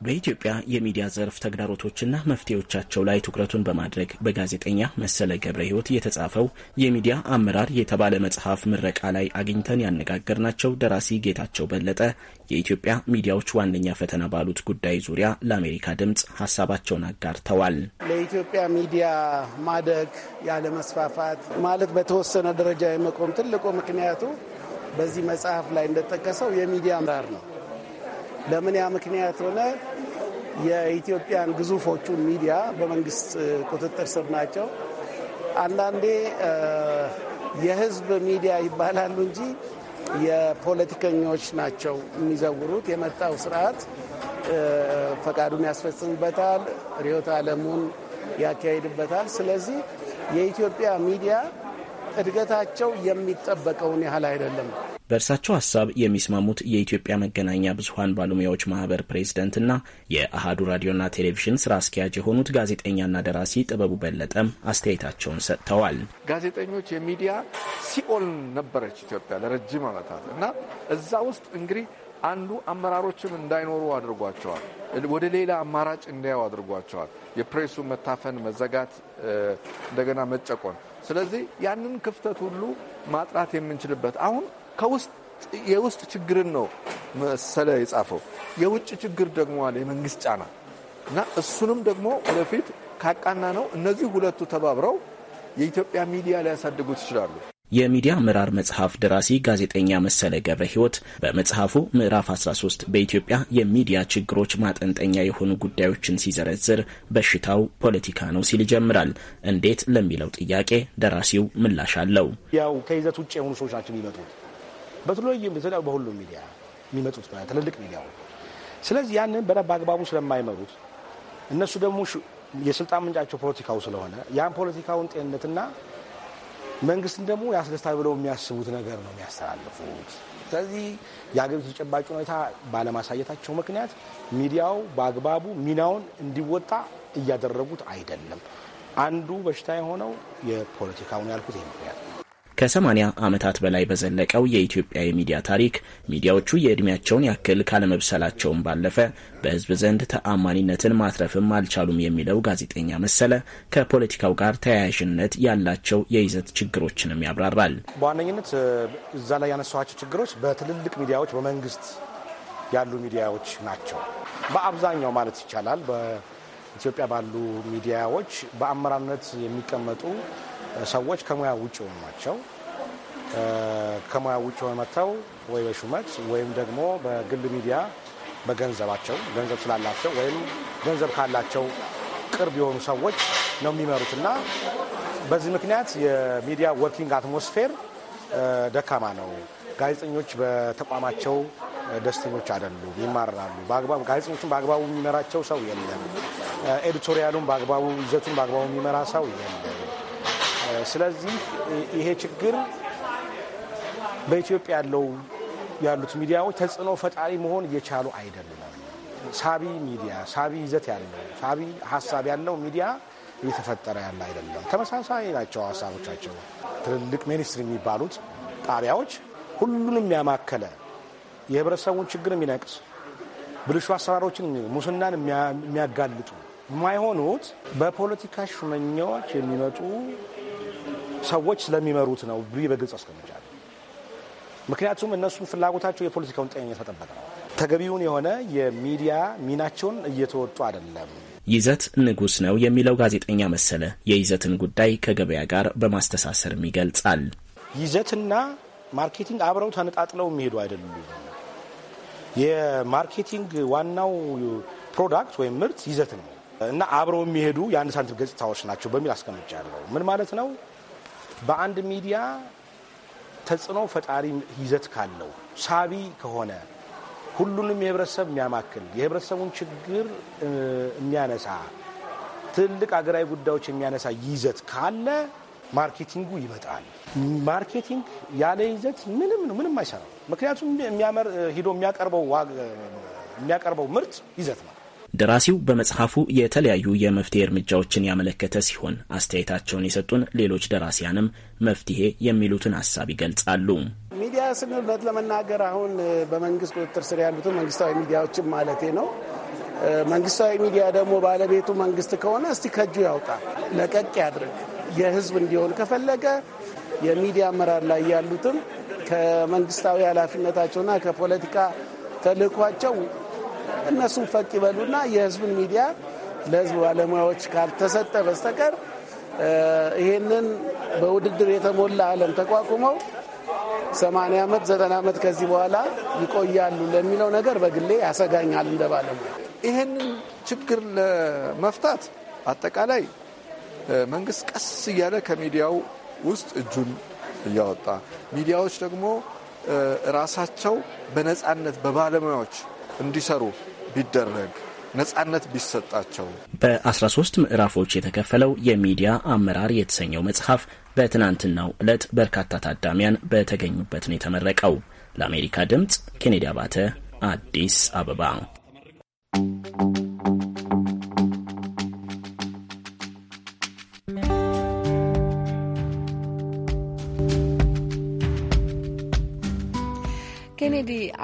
በኢትዮጵያ የሚዲያ ዘርፍ ተግዳሮቶችና መፍትሄዎቻቸው ላይ ትኩረቱን በማድረግ በጋዜጠኛ መሰለ ገብረ ህይወት የተጻፈው የሚዲያ አመራር የተባለ መጽሐፍ ምረቃ ላይ አግኝተን ያነጋገርናቸው ደራሲ ጌታቸው በለጠ የኢትዮጵያ ሚዲያዎች ዋነኛ ፈተና ባሉት ጉዳይ ዙሪያ ለአሜሪካ ድምፅ ሀሳባቸውን አጋርተዋል። ለኢትዮጵያ ሚዲያ ማደግ ያለመስፋፋት ማለት በተወሰነ ደረጃ የመቆም ትልቁ ምክንያቱ በዚህ መጽሐፍ ላይ እንደጠቀሰው የሚዲያ አመራር ነው። ለምን ያ ምክንያት ሆነ? የኢትዮጵያን ግዙፎቹ ሚዲያ በመንግስት ቁጥጥር ስር ናቸው። አንዳንዴ የህዝብ ሚዲያ ይባላሉ እንጂ የፖለቲከኞች ናቸው የሚዘውሩት። የመጣው ስርዓት ፈቃዱን ያስፈጽምበታል፣ ርዕዮተ ዓለሙን ያካሂድበታል። ስለዚህ የኢትዮጵያ ሚዲያ እድገታቸው የሚጠበቀውን ያህል አይደለም። በእርሳቸው ሀሳብ የሚስማሙት የኢትዮጵያ መገናኛ ብዙሀን ባለሙያዎች ማህበር ፕሬዝደንትና የአሃዱ ራዲዮና ቴሌቪዥን ስራ አስኪያጅ የሆኑት ጋዜጠኛና ደራሲ ጥበቡ በለጠም አስተያየታቸውን ሰጥተዋል። ጋዜጠኞች የሚዲያ ሲኦል ነበረች ኢትዮጵያ ለረጅም ዓመታት እና እዛ ውስጥ እንግዲህ አንዱ አመራሮችም እንዳይኖሩ አድርጓቸዋል። ወደ ሌላ አማራጭ እንዲያው አድርጓቸዋል። የፕሬሱ መታፈን፣ መዘጋት፣ እንደገና መጨቆን። ስለዚህ ያንን ክፍተት ሁሉ ማጥራት የምንችልበት አሁን ከውስጥ የውስጥ ችግርን ነው መሰለ የጻፈው። የውጭ ችግር ደግሞ አለ የመንግስት ጫና እና እሱንም ደግሞ ወደፊት ካቃና ነው እነዚህ ሁለቱ ተባብረው የኢትዮጵያ ሚዲያ ሊያሳድጉት ይችላሉ። የሚዲያ ምራር መጽሐፍ ደራሲ ጋዜጠኛ መሰለ ገብረ ህይወት በመጽሐፉ ምዕራፍ 13 በኢትዮጵያ የሚዲያ ችግሮች ማጠንጠኛ የሆኑ ጉዳዮችን ሲዘረዝር በሽታው ፖለቲካ ነው ሲል ይጀምራል። እንዴት ለሚለው ጥያቄ ደራሲው ምላሽ አለው። ያው ከይዘት ውጭ የሆኑ ሰዎች ናቸው የሚመጡት በተለይም በተለያዩ በሁሉም ሚዲያ የሚመጡት ትልልቅ ሚዲያ። ስለዚህ ያንን አግባቡ ስለማይመሩት እነሱ ደግሞ የስልጣን ምንጫቸው ፖለቲካው ስለሆነ ያን ፖለቲካውን ጤንነትና መንግስትን ደግሞ ያስደስታል ብለው የሚያስቡት ነገር ነው የሚያስተላልፉት። ስለዚህ የሀገሪቱ ተጨባጭ ሁኔታ ባለማሳየታቸው ምክንያት ሚዲያው በአግባቡ ሚናውን እንዲወጣ እያደረጉት አይደለም። አንዱ በሽታ የሆነው የፖለቲካውን ያልኩት ይህ ምክንያት ነው። ከ80 ዓመታት በላይ በዘለቀው የኢትዮጵያ የሚዲያ ታሪክ ሚዲያዎቹ የዕድሜያቸውን ያክል ካለመብሰላቸውም ባለፈ በሕዝብ ዘንድ ተአማኒነትን ማትረፍም አልቻሉም የሚለው ጋዜጠኛ መሰለ ከፖለቲካው ጋር ተያያዥነት ያላቸው የይዘት ችግሮችንም ያብራራል። በዋነኝነት እዛ ላይ ያነሷቸው ችግሮች በትልልቅ ሚዲያዎች በመንግስት ያሉ ሚዲያዎች ናቸው። በአብዛኛው ማለት ይቻላል በኢትዮጵያ ባሉ ሚዲያዎች በአመራርነት የሚቀመጡ ሰዎች ከሙያ ውጭ ሆኗቸው ከሙያ ውጭ ሆነ መጥተው ወይ በሹመት ወይም ደግሞ በግል ሚዲያ በገንዘባቸው ገንዘብ ስላላቸው ወይም ገንዘብ ካላቸው ቅርብ የሆኑ ሰዎች ነው የሚመሩት እና በዚህ ምክንያት የሚዲያ ወርኪንግ አትሞስፌር ደካማ ነው። ጋዜጠኞች በተቋማቸው ደስተኞች አይደሉም፣ ይማራሉ። ጋዜጠኞችን በአግባቡ የሚመራቸው ሰው የለም። ኤዲቶሪያሉን በአግባቡ ይዘቱን በአግባቡ የሚመራ ሰው የለም። ስለዚህ ይሄ ችግር በኢትዮጵያ ያለው ያሉት ሚዲያዎች ተጽዕኖ ፈጣሪ መሆን እየቻሉ አይደለም። ሳቢ ሚዲያ፣ ሳቢ ይዘት ያለው፣ ሳቢ ሀሳብ ያለው ሚዲያ እየተፈጠረ ያለ አይደለም። ተመሳሳይ ናቸው ሀሳቦቻቸው። ትልልቅ ሚኒስትር የሚባሉት ጣቢያዎች ሁሉንም ያማከለ የህብረተሰቡን ችግር የሚነቅስ ብልሹ አሰራሮችን፣ ሙስናን የሚያጋልጡ የማይሆኑት በፖለቲካ ሹመኛዎች የሚመጡ ሰዎች ስለሚመሩት ነው ብዬ በግልጽ አስቀምጫለሁ። ምክንያቱም እነሱ ፍላጎታቸው የፖለቲካውን ጤንነት መጠበቅ ነው። ተገቢውን የሆነ የሚዲያ ሚናቸውን እየተወጡ አይደለም። ይዘት ንጉስ ነው የሚለው ጋዜጠኛ መሰለ የይዘትን ጉዳይ ከገበያ ጋር በማስተሳሰርም ይገልጻል። ይዘትና ማርኬቲንግ አብረው ተነጣጥለው የሚሄዱ አይደሉም። የማርኬቲንግ ዋናው ፕሮዳክት ወይም ምርት ይዘት ነው እና አብረው የሚሄዱ የአንድ ሳንቲም ገጽታዎች ናቸው በሚል አስቀምጫለሁ። ምን ማለት ነው? በአንድ ሚዲያ ተጽዕኖ ፈጣሪ ይዘት ካለው ሳቢ ከሆነ ሁሉንም የህብረተሰብ የሚያማክል የህብረተሰቡን ችግር የሚያነሳ ትልቅ አገራዊ ጉዳዮች የሚያነሳ ይዘት ካለ ማርኬቲንጉ ይመጣል። ማርኬቲንግ ያለ ይዘት ምንም ነው፣ ምንም አይሰራም። ምክንያቱም ሂዶ የሚያቀርበው ምርት ይዘት ነው። ደራሲው በመጽሐፉ የተለያዩ የመፍትሄ እርምጃዎችን ያመለከተ ሲሆን አስተያየታቸውን የሰጡን ሌሎች ደራሲያንም መፍትሄ የሚሉትን ሀሳብ ይገልጻሉ። ሚዲያ ስንል ለመናገር አሁን በመንግስት ቁጥጥር ስር ያሉትን መንግስታዊ ሚዲያዎችን ማለቴ ነው። መንግስታዊ ሚዲያ ደግሞ ባለቤቱ መንግስት ከሆነ እስቲ ከእጁ ያውጣ፣ ለቀቅ ያድርግ። የህዝብ እንዲሆን ከፈለገ የሚዲያ አመራር ላይ ያሉትም ከመንግስታዊ ኃላፊነታቸውና ከፖለቲካ ተልእኳቸው እነሱም ፈቅ ይበሉና የህዝብን ሚዲያ ለህዝብ ባለሙያዎች ካልተሰጠ በስተቀር ይሄንን በውድድር የተሞላ ዓለም ተቋቁመው ሰማንያ ዓመት ዘጠና ዓመት ከዚህ በኋላ ይቆያሉ ለሚለው ነገር በግሌ ያሰጋኛል እንደ ባለሙያ። ይህንን ችግር ለመፍታት አጠቃላይ መንግስት ቀስ እያለ ከሚዲያው ውስጥ እጁን እያወጣ ሚዲያዎች ደግሞ ራሳቸው በነፃነት በባለሙያዎች እንዲሰሩ ቢደረግ ነጻነት ቢሰጣቸው። በ13 ምዕራፎች የተከፈለው የሚዲያ አመራር የተሰኘው መጽሐፍ በትናንትናው ዕለት በርካታ ታዳሚያን በተገኙበት ነው የተመረቀው። ለአሜሪካ ድምፅ ኬኔዲ አባተ አዲስ አበባ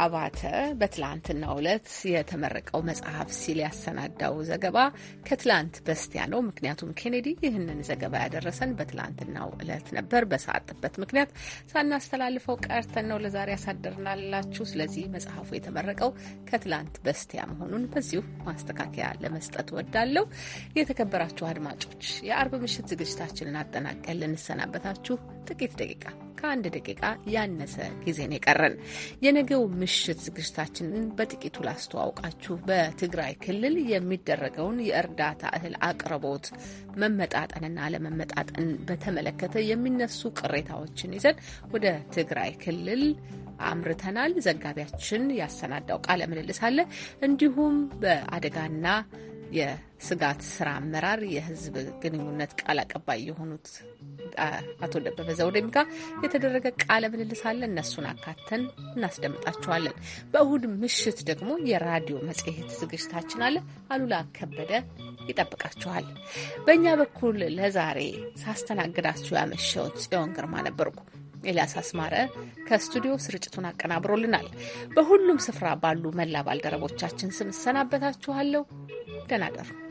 አባተ በትላንትናው ዕለት የተመረቀው መጽሐፍ ሲል ያሰናዳው ዘገባ ከትላንት በስቲያ ነው። ምክንያቱም ኬኔዲ ይህንን ዘገባ ያደረሰን በትላንትናው ዕለት ነበር። በሰዓት ጥበት ምክንያት ሳናስተላልፈው ቀርተን ነው ለዛሬ ያሳደርናላችሁ። ስለዚህ መጽሐፉ የተመረቀው ከትላንት በስቲያ መሆኑን በዚሁ ማስተካከያ ለመስጠት ወዳለሁ። የተከበራችሁ አድማጮች የአርብ ምሽት ዝግጅታችንን አጠናቀን ልንሰናበታችሁ ጥቂት ደቂቃ ከአንድ ደቂቃ ያነሰ ጊዜን የቀረን የነገው ምሽት ዝግጅታችንን በጥቂቱ ላስተዋውቃችሁ። በትግራይ ክልል የሚደረገውን የእርዳታ እህል አቅርቦት መመጣጠንና አለመመጣጠን በተመለከተ የሚነሱ ቅሬታዎችን ይዘን ወደ ትግራይ ክልል አምርተናል። ዘጋቢያችን ያሰናዳው ቃለ ምልልስ አለ። እንዲሁም በአደጋና የስጋት ስራ አመራር የህዝብ ግንኙነት ቃል አቀባይ የሆኑት አቶ ደበበ ዘውዴ ጋር የተደረገ ቃለ ምልልስ አለ። እነሱን አካተን እናስደምጣችኋለን። በእሁድ ምሽት ደግሞ የራዲዮ መጽሔት ዝግጅታችን አለ። አሉላ ከበደ ይጠብቃችኋል። በእኛ በኩል ለዛሬ ሳስተናግዳችሁ ያመሸው ጽዮን ግርማ ነበርኩ። ኤልያስ አስማረ ከስቱዲዮ ስርጭቱን አቀናብሮልናል። በሁሉም ስፍራ ባሉ መላ ባልደረቦቻችን ስም እሰናበታችኋለሁ። ደህና እደሩ።